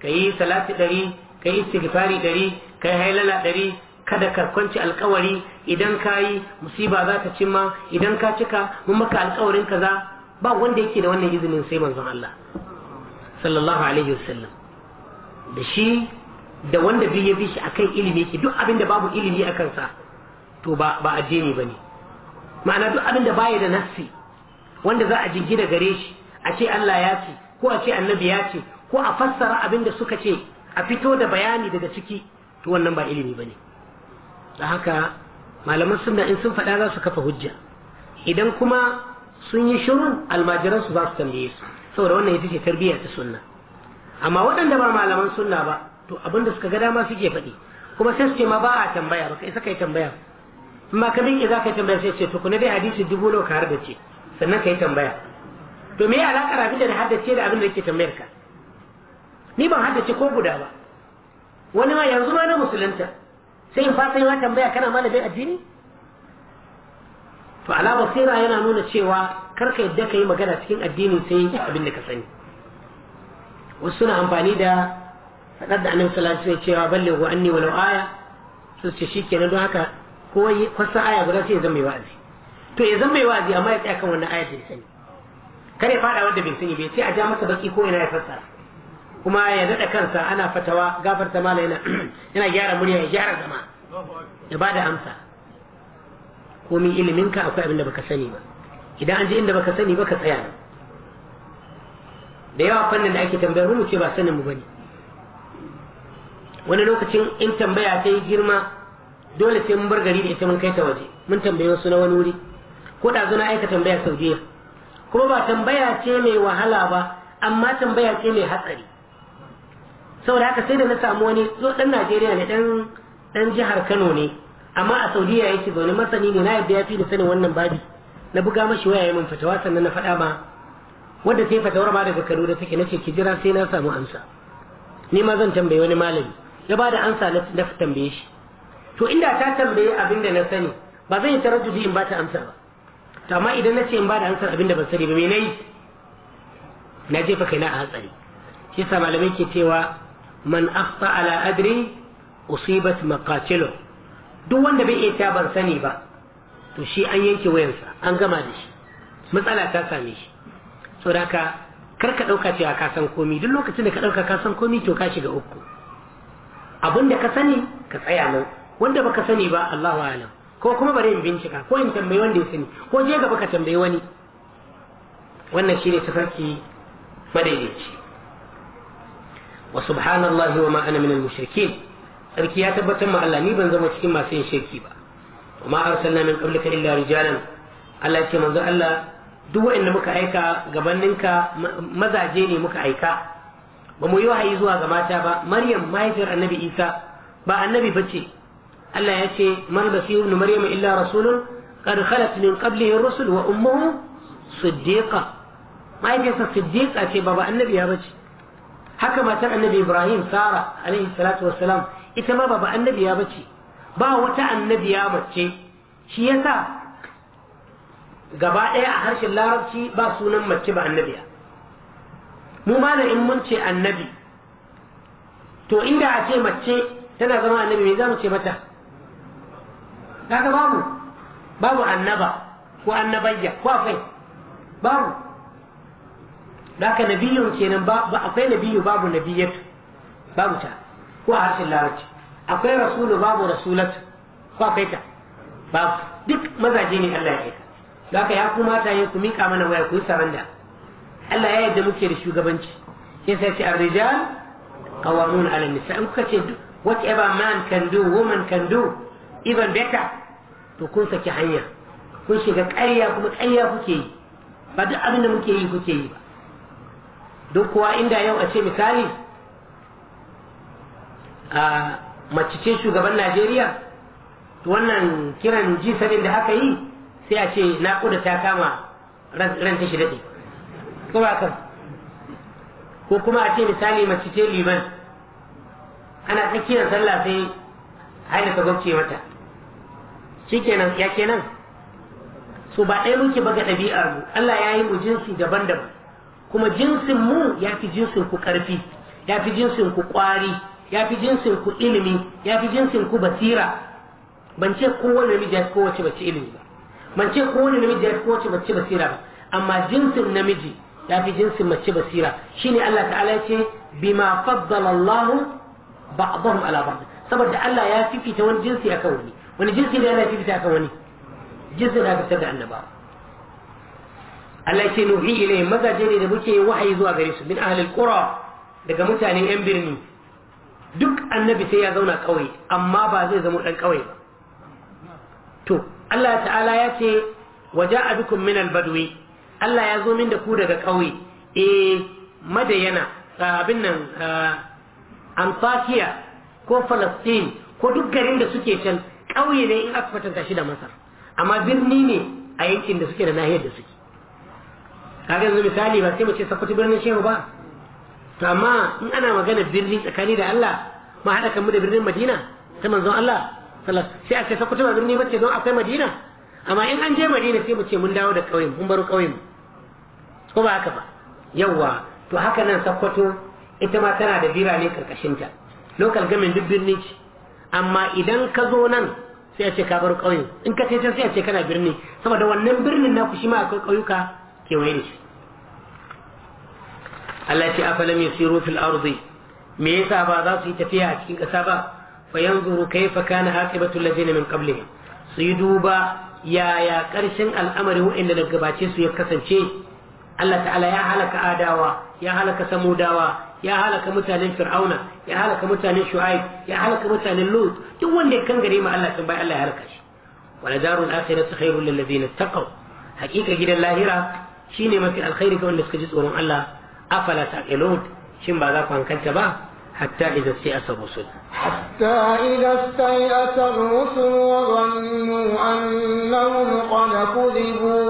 ka yi salati ɗari ka yi istighfari ɗari ka yi hailala ɗari kada ka kwanci alkawari idan ka yi musiba za ta cimma idan ka cika mun maka alkawarin kaza ba wanda yake da wannan izinin sai manzon Allah sallallahu alaihi wasallam da shi da wanda bi ya bi shi akan ilimi yake duk abin da babu ilimi a kansa to ba ba addini bane ma'ana duk abin da baya da nafsi wanda za a jingina gare shi a ce Allah ya ce ko a ce annabi ya ce ko a fassara abin da suka ce a fito da bayani daga ciki to wannan ba ilimi bane da haka malaman sunna in sun faɗa za su kafa hujja idan kuma sun yi shiru almajiran su za su tambaye su saboda wannan ita ce tarbiyya ta sunna amma waɗanda ba malaman sunna ba to abin da suka ga dama suke faɗi kuma sai su ce ma ba a tambaya ba kai kai tambaya amma ma ka bin za ka tambaya sai ce to kuna dai hadisi dubu nawa ka har da ce sannan ka yi tambaya to me alakar abin da na haddace da abin da yake tambayar ka ni ban haddace ko guda ba wani ma yanzu ma na musulunta sai in fasa ma tambaya kana malamin addini to ala basira yana nuna cewa kar ka yadda ka yi magana cikin addini sai abin da ka sani wasu suna amfani da faɗar da annabi sallallahu alaihi wasallam cewa ballighu anni walau aya su ce shikenan don haka ko kwasa aya guda sai ya zama mai wa'azi to ya zama mai wa'azi amma ya tsaya kan wannan aya da ya sani kare fada wanda bai sani bai ce a ja masa baki ko ina ya fassara kuma ya daɗa kansa ana fatawa gafarta mala yana yana gyara murya ya gyara zama ya bada amsa komi iliminka akwai abin da baka sani ba idan an je inda baka sani ba ka tsaya ne da yawa fannin da ake tambayar mu ce ba sanin mu bane wani lokacin in tambaya ta yi girma dole sai mun bar gari da ita mun kai ta waje mun tambaye wasu na wani wuri ko da na aika tambaya saudiya kuma ba tambaya ce mai wahala ba amma tambaya ce mai hatsari saboda haka sai da na samu wani zo dan Najeriya ne dan jihar Kano ne amma a Saudiya yake zaune masani ne na yadda ya fi da sanin wannan babi na buga mashi waya ya fatawa sannan na faɗa ma wadda ta yi fatawar ma daga da take nace ki jira sai na samu amsa ni ma zan tambaye wani malami ya bada amsa na tambaye shi to inda ta tambaye abin da na sani ba zan yi tarajjudi in ba ta amsa ba to amma idan na ce in ba da hansar abinda ban sani ba me nayi na jefa kaina a hatsari shi sa malamai ke cewa man afta ala adri usibat maqatilo duk wanda bai iya ban sani ba to shi an yanke wayansa an gama da shi matsala ta same shi saboda kar ka ɗauka cewa ka san komi duk lokacin da ka ɗauka ka san komi to ka shiga uku abinda ka sani ka tsaya nan wanda baka sani ba Allahu alam ko kuma bari in bincika ko in tambayi wanda ya sani ko je gaba ka tambayi wani wannan shine tafarki madaidaici wa subhanallahi wa ma minal mushrikin sarki ya tabbatar ma Allah ni ban zama cikin masu yin shirki ba wa ma arsalna min qablika illa rijalan Allah ce manzo Allah duk waɗanda muka aika gabaninka mazaje ne muka aika ba mu yi wahayi zuwa ga mata ba maryam mahaifiyar annabi isa ba annabi bace Allah ya ce mal basiru ibn maryam illa rasulun qad khalat min qablihi rusul wa ummuhu siddiqa mahaifiyarsa siddiqa ce ba ba annabi ya bace haka matar annabi ibrahim sara alaihi salatu wassalam ita ma ba ba annabi ya bace ba wata annabi ya mace shi yasa gaba ɗaya a harshen larabci ba sunan mace ba annabiya mu ma da in mun ce annabi to inda a ce mace tana zama annabi me za mu ce mata kaga babu babu annaba ko annabayya ko akwai babu haka nabiyun kenan ba akwai nabiyu babu nabiyatu babu ta ko a harshen larabci akwai rasulu babu rasulatu ko akwai ta babu duk mazaje ne Allah ya aika haka ya kuma ta yi ku mika mana waya ku yi saranda Allah ya yarda muke da shugabanci sai sai ce ar-rijal qawamun 'ala nisa in kuka ce what man can do woman can do even better to kun saki hanya kun shiga ƙarya kuma ƙarya kuke yi ba duk abin da muke yi kuke yi ba duk kuwa inda yau a ce misali a ce shugaban najeriya wannan kiran jisanin da aka yi sai a ce naƙuda ta kama ran ta shida ko ba ko kuma a ce misali ce liman ana tsakiyar sallah sai haina ta gwabce mata kenan ya kenan so ba ɗaya muke baga ɗabi'ar mu Allah ya yi mu jinsi daban-daban kuma jinsin mu ya fi jinsin ku ƙarfi ya fi jinsin ku ƙwari ya fi jinsin ku ilimi ya fi jinsin ku basira ban ce kowane namiji ya fi kowace mace ilimi ba ban ce kowane namiji ya fi kowace mace basira ba amma jinsin namiji ya fi jinsin mace basira shine Allah ta'ala ya ce bima faddala Allah ba'dahum ala ba'd saboda Allah ya fifita wani jinsi akan wani wani jinsi ne yana fifita akan wani jinsi na fitar da annabawa Allah ce nuhi ilayhim mazaje ne da muke wahayi zuwa gare su min ahlil qura daga mutanen yan birni duk annabi sai ya zauna kauye amma ba zai zama dan kawai ba to Allah ta'ala ya ce waja'a bikum min al-badwi Allah ya zo min da ku daga kauye eh madayana abin nan antakiya ko falastin ko duk garin da suke can ƙauye ne in aka kwatanta da masar amma birni ne a yankin da suke da nahiyar da suke kaga yanzu misali ba sai mu ce sakwati birnin shehu ba to amma in ana magana birni tsakani da Allah ma haɗa kanmu da birnin Madina ta manzon Allah sai aka sakwati ba birni ce don akwai Madina amma in an je Madina sai mu ce mun dawo da ƙauyen mun baro ƙauyen ko ba haka ba yawwa to haka nan sakwato ita ma tana da birane karkashinta lokal gamin duk birni ce amma idan ka zo nan sai a ce ka bar ƙauyen in ka can sai a ce kana birni saboda wannan birnin na shi ma akwai ƙauyuka kewaye da shi Allah ce afalam yasiru fil ardi me yasa ba za su yi tafiya a cikin ƙasa ba fa yanzuru kayfa kana aqibatu alladhina min qablihim su yi duba yaya ƙarshen al'amarin waɗanda daga gabace su ya kasance Allah ta'ala ya halaka adawa ya halaka samudawa ya halaka mutanen fir'auna ya halaka mutanen shu'aib ya halaka mutanen lut duk wanda ya kangare ma Allah kan bai Allah ya halaka shi wala darul akhirati khairul lil ladina taqaw hakika gidan lahira shine mafi alkhairi ga wanda suka ji tsoron Allah afala taqilun shin ba za ku hankalta ba حتى إذا استيأس hatta حتى إذا استيأس الرسل وظنوا أنهم قد كذبوا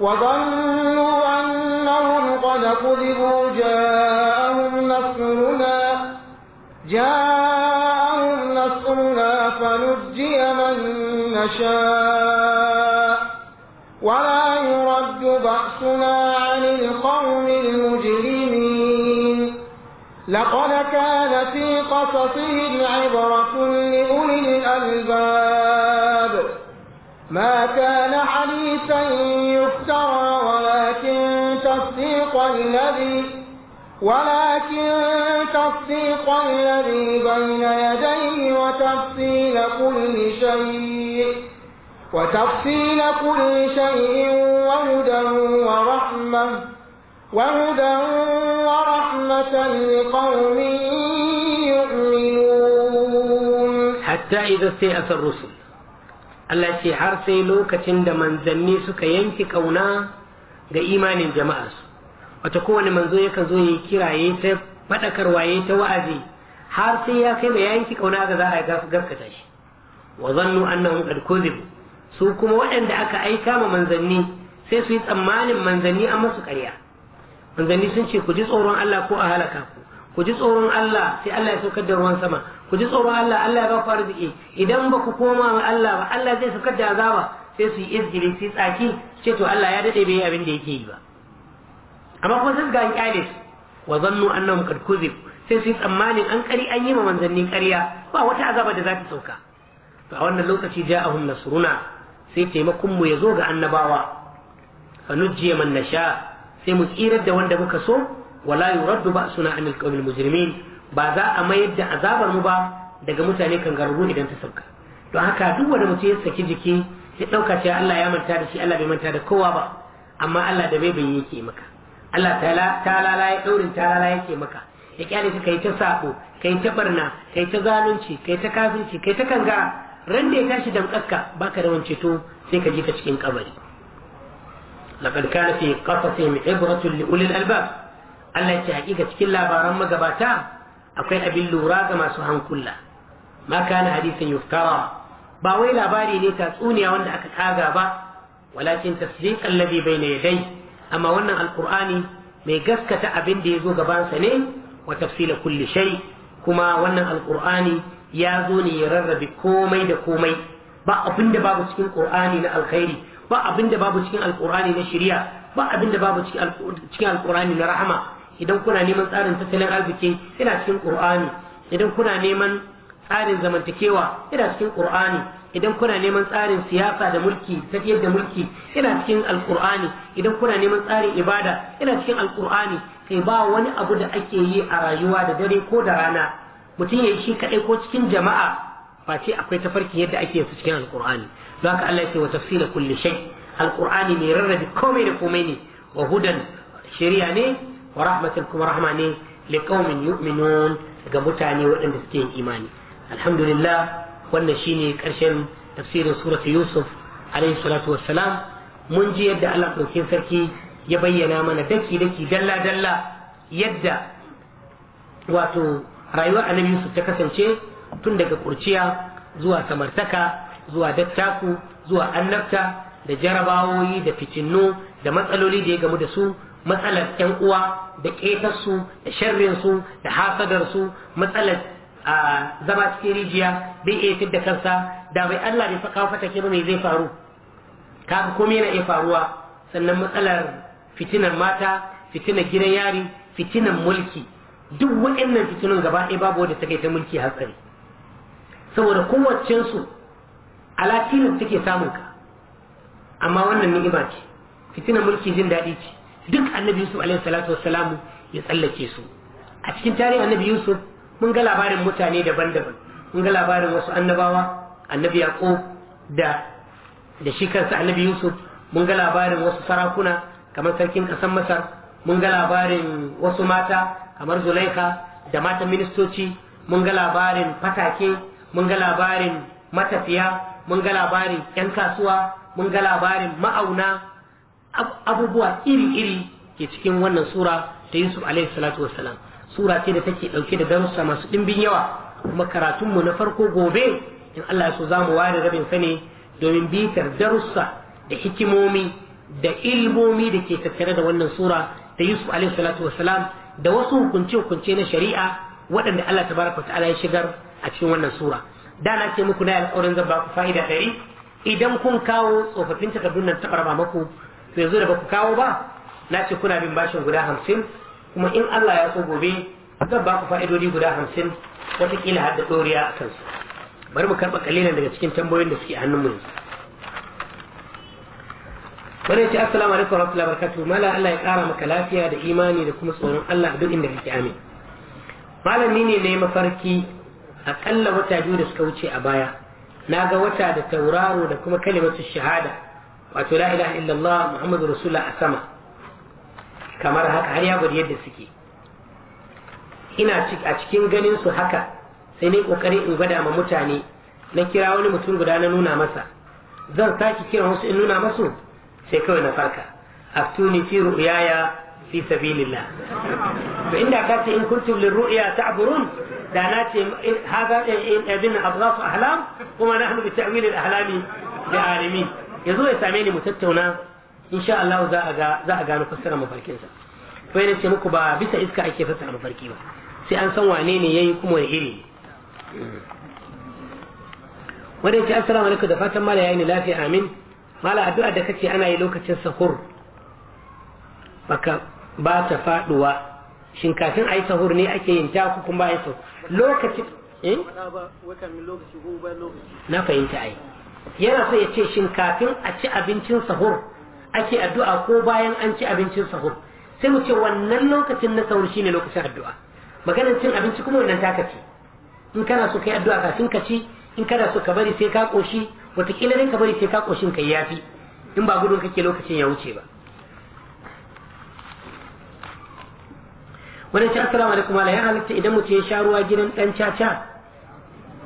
وظنوا أنهم قد كذبوا جاءوا جاءهم نصرنا فنجي من نشاء ولا يرد بأسنا عن القوم المجرمين لقد كان في قصصهم عبرة لأولي الألباب ما كان حديثا يفترى ولكن تصديق الذي ولكن تصديق الذي بين يديه وتفصيل كل شيء وتفصيل كل شيء وهدى ورحمة وهدى ورحمة لقوم يؤمنون حتى إذا استيأس الرسل التي har sai lokacin da manzanni suka yanke kauna ga imanin jama'arsu wata kowane manzo yakan zo yayi kira kiraye ta fadakarwa yayi ta wa'azi har sai ya kai bayan ki kauna ga za a gaskata shi wa zannu annahum qad kuzibu su kuma waɗanda aka aika ma manzanni sai su yi tsammanin manzanni an masu ƙarya manzanni sun ce ku ji tsoron Allah ko a halaka ku ku ji tsoron Allah sai Allah ya saukar da ruwan sama ku ji tsoron Allah Allah ya ba ku arziki idan ba ku koma wa Allah ba Allah zai saukar da azaba sai su yi izgili su yi tsaki ce to Allah ya dade bai abin da yake yi ba amma kuma sai ga an kyale su wa zannu annahum qad kuzib sai su yi tsammanin an kari an yi ma manzannin ƙarya ba wata azaba da za ta sauka to a wannan lokaci ja'ahum nasruna sai taimakon mu ya zo ga annabawa fa nujjiya man nasha sai mu tsirar da wanda muka so wala yuraddu ba'suna anil qawmil mujrimin ba za a mayar da azabar mu ba daga mutane kan garuru idan ta sauka don haka duk wanda mutum ya saki jiki ya ɗauka cewa Allah ya manta da shi Allah bai manta da kowa ba amma Allah da bai bai yake maka Allah talala ya ɗaurin lalaya yake maka ya kyale ka kai ta sabo kai ta barna kai ta zalunci kai ta kafirci kai ta kanga ran da ya tashi damƙarka baka da wance to sai ka je ka cikin kabari laqad kana fi qasasihim ibratun li ulil albab Allah ce hakika cikin labaran magabata akwai abin lura ga masu hankula ma kana hadisin yuftara ba wai labari ne tatsuniya wanda aka kaga ba walakin tasdiq alladhi bayna yadayhi amma wannan alkur'ani mai gaskata abin da ya zo gabansa ne wa tafsila kulli shai. kuma wannan alkur'ani ya zo ne ya rarrabe komai da komai ba abin da babu cikin qur'ani na alkhairi ba abin da babu cikin alkur'ani na shari'a ba abin da babu cikin alkur'ani na rahama idan kuna neman tsarin tattalin arziki yana cikin qur'ani idan kuna neman tsarin zamantakewa yana cikin qur'ani idan kuna neman tsarin siyasa da mulki tafiyar da mulki ina cikin alkur'ani idan kuna neman tsarin ibada ina cikin alkur'ani kai ba wani abu da ake yi a rayuwa da dare ko da rana mutum ya yi shi kaɗai ko cikin jama'a face akwai tafarki yadda ake yin su cikin alkur'ani za haka Allah ya ce wa tafsila kulli shay alkur'ani mai rarrabe komai da komai ne wa hudan shari'a ne wa rahmatul kuma rahma ne liqaumin yu'minun ga mutane waɗanda suke yin imani alhamdulillah wannan shine ƙarshen tafsirin suratu yusuf alaihi salatu wassalam mun ji yadda Allah ɗaukin sarki ya bayyana mana daki daki dalla dalla yadda wato rayuwar annabi yusuf ta kasance tun daga kurciya zuwa samartaka zuwa dattaku zuwa annabta da jarabawoyi da fitinno da matsaloli da ya gamu da su matsalar 'yan uwa da ƙetarsu da sharrinsu da hasadarsu matsalar a zama cikin rijiya bai iya fidda kansa da bai Allah bai kawo ke ba mai zai faru kaga komai yana iya faruwa sannan matsalar fitinar mata fitinar gidan yari fitinar mulki duk waɗannan fitinun gaba ɗaya babu wanda ta kai ta mulki hatsari saboda su alatilin take samun ka amma wannan ni'ima ce fitinar mulki jin daɗi ce duk annabi yusuf alaihi salatu wassalamu ya tsallake su a cikin tarihin annabi yusuf mun ga labarin mutane daban-daban mun ga labarin wasu annabawa annabi yaqub da da shi kansa annabi yusuf mun ga labarin wasu sarakuna kamar sarkin kasar masar mun ga labarin wasu mata kamar zulaika da matan ministoci mun ga labarin fatake mun ga labarin matafiya mun ga labarin 'yan kasuwa mun ga labarin ma'auna abubuwa iri-iri ke cikin wannan sura ta yusuf alaihi salatu wassalam sura ce da take ɗauke da darussa masu ɗimbin yawa kuma karatunmu na farko gobe in Allah ya so za mu ware rabin sa ne domin bitar darussa da hikimomi da ilmomi da ke tattare da wannan sura da Yusuf alaihi salatu wassalam da wasu hukunce hukunce na shari'a waɗanda Allah tabaraka ta'ala ya shigar a cikin wannan sura da na ce muku na alƙawarin zan ba ku fa'ida ɗari idan kun kawo tsofaffin takardun nan ta maku to yanzu da ba ku kawo ba na ce kuna bin bashin guda hamsin kuma in Allah ya so gobe zan ba ku fa'idodi guda hamsin watakila har da ɗoriya a kansu bari mu karɓa ƙalilan daga cikin tambayoyin da suke hannun mu yanzu wani ce assalamu alaikum warahmatullahi wabarakatuh mala Allah ya ƙara maka lafiya da imani da kuma tsoron Allah a duk inda kake amin malami ne na yi mafarki aƙalla wata biyu da suka wuce a baya na ga wata da tauraro da kuma kalimatu shahada wato la ilaha illallah muhammadu rasulullah a sama kamar haka har ya gwada yadda suke ina a cikin ganin su haka sai ni kokarin in gwada ma mutane na kira wani mutum guda na nuna masa zan sake kira wasu in nuna masu sai kawai na farka aftuni fi ru'yaya fi sabilillah to inda ka ce in kuntum lirru'ya ta'burun da na ce in eh, eh, abin abghasu ahlam kuma nahnu bi ta'wil al-ahlami da alimi yazo ya same ni mu tattauna sha Allah za a ga za a gano fassara mafarkin sa to yana ce muku ba bisa iska ake fassara mafarki ba sai an san wane ne yayi kuma wani iri wanda ce assalamu alaikum da fatan mala yayi ni lafiya amin mala addu'a da kace ana yi lokacin sahur baka ba ta faduwa shin kafin ayi sahur ne ake yin ta ku kuma ayi sahur lokacin eh na fahimta ai yana so ya ce shin kafin a ci abincin sahur ake addu'a ko bayan an ci abincin sahur sai mu ce wannan lokacin na sahur shine lokacin addu'a maganar cin abinci kuma wannan ta kaci in kana so kai addu'a kafin ka ci in kana so ka bari sai ka koshi wataƙila dai ka bari sai ka koshin kai yafi in ba gudun kake lokacin ya wuce ba wani ce assalamu alaikum ala ya halitta idan mutum ya sha ruwa gidan dan caca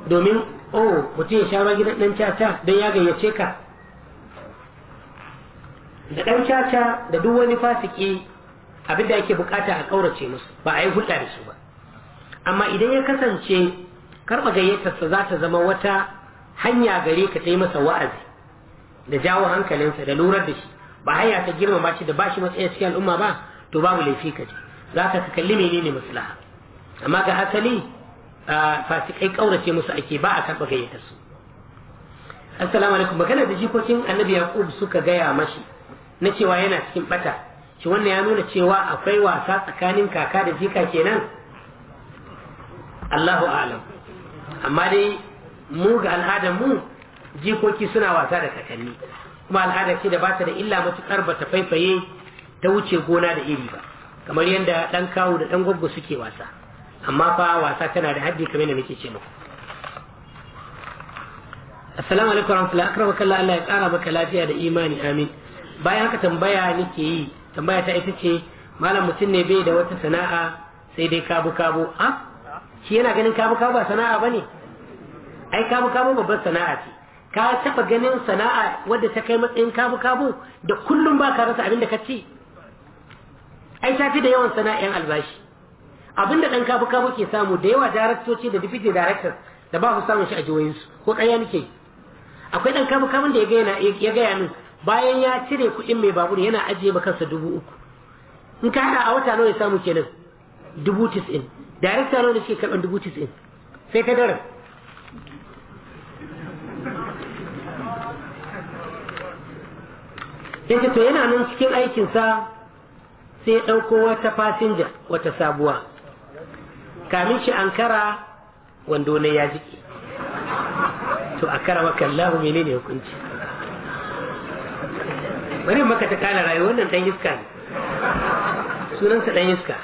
domin oh mutum ya sha ruwa gidan dan caca don ya gayyace ka da ɗan caca da duk wani fasiki abin da ake bukata a ƙaurace musu ba a yi hulɗa da su ba amma idan ya kasance karɓa gayyatarsa za ta zama wata hanya gare ka ta yi masa wa'azi da jawo hankalinsa da lurar da shi ba hanya ta girmama shi da ba shi matsayin cikin al'umma ba to babu laifi ka ce za ka kalli menene maslaha amma ga asali fasikai ƙaurace musu ake ba a karɓa gayyatarsu assalamu alaikum magana da jikokin annabi yaqub suka gaya mashi na cewa yana cikin bata shi wannan ya nuna cewa akwai wasa tsakanin kaka da jika kenan Allahu alam amma dai mu ga al'adar mu jikoki suna wasa da kakanni kuma al'adar ce da bata da illa matukar ta faifaye ta wuce gona da iri ba kamar yadda dan kawo da dan gwaggo suke wasa amma fa wasa tana da haddi kamar yadda muke ce muku assalamu alaikum warahmatullahi akramaka Allah ya kara maka lafiya da imani amin bayan haka tambaya nake yi tambaya ta ita ce malam mutum ne bai da wata sana'a sai dai kabu kabu a shi yana ganin kabu kabu ba sana'a ba ne ai kabu kabu babban sana'a ce ka taba ganin sana'a wadda ta kai matsayin kabu kabu da kullum ba ka rasa abin da ka ci ai ta fi da yawan 'yan albashi abinda dan kabu kabu ke samu da yawa daraktoci da deputy directors da ba su samun shi a jihohinsu ko ƙarya nake akwai dan kabu kabun da ya gaya min bayan ya cire kuɗin mai babur yana ajiye ma kansa dubu uku in ka hada a wata nawa ya samu kenan dubu tis'in darekta nawa ne suke karɓar dubu tis'in sai ka daren sai to yana nan cikin aikinsa sai ya ɗauko wata fasinja wata sabuwa kamin shi an kara wando na ya jiki to a kara ne menene hukunci bari maka ta kala rayu wannan dan iska ne sunansa dan iska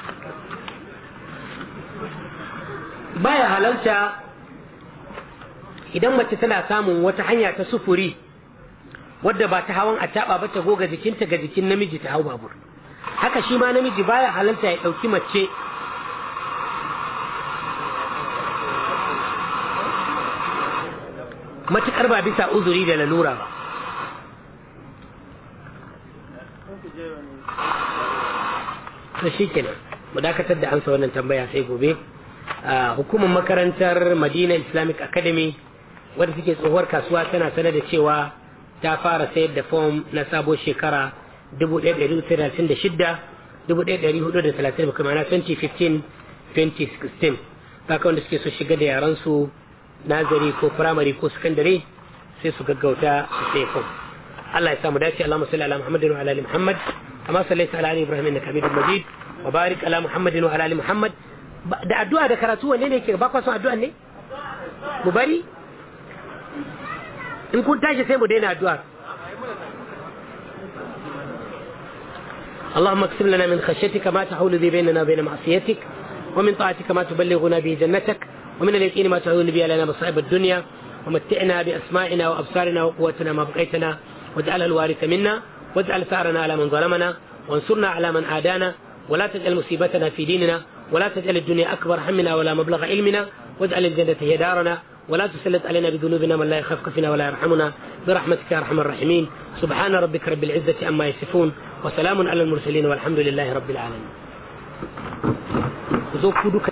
baya halarta idan mace tana samun wata hanya ta sufuri wadda ba ta hawan a ba ta goga jikinta ga jikin namiji ta hau babur haka shi ma namiji baya halarta ya ɗauki mace matuƙar ba bisa uzuri da lalura ba to kenan mu dakatar da amsa wannan tambaya sai gobe hukumar makarantar Madina Islamic Academy wadda suke tsohuwar kasuwa tana sanar da cewa ta fara sayar da fom na sabo shekara 1936 1430 kuma na 2015 2016 kaka wanda suke so shiga da yaran su nazari ko firamare ko sakandare sai su gaggauta su sai fom الله يسامو داشي اللهم صل على محمد وعلى ال محمد كما صليت على ال ابراهيم انك حميد مجيد وبارك على محمد وعلى ال محمد da addu'a da karatu wanne ne yake baka son addu'an ne mu bari in kun tashi sai mu اللهم اكتب لنا من خشيتك ما تحول به بيننا وبين معصيتك ومن طاعتك ما تبلغنا به جنتك ومن اليقين ما تعود به علينا مصائب الدنيا ومتعنا باسمائنا وابصارنا وقوتنا ما بقيتنا واجعل الوارث منا واجعل ثارنا على من ظلمنا وانصرنا على من عادانا ولا تجعل مصيبتنا في ديننا ولا تجعل الدنيا أكبر همنا ولا مبلغ علمنا واجعل الجنة هي دارنا ولا تسلط علينا بذنوبنا من لا يخفق فينا ولا يرحمنا برحمتك يا أرحم الراحمين سبحان ربك رب العزة أما يصفون وسلام على المرسلين والحمد لله رب العالمين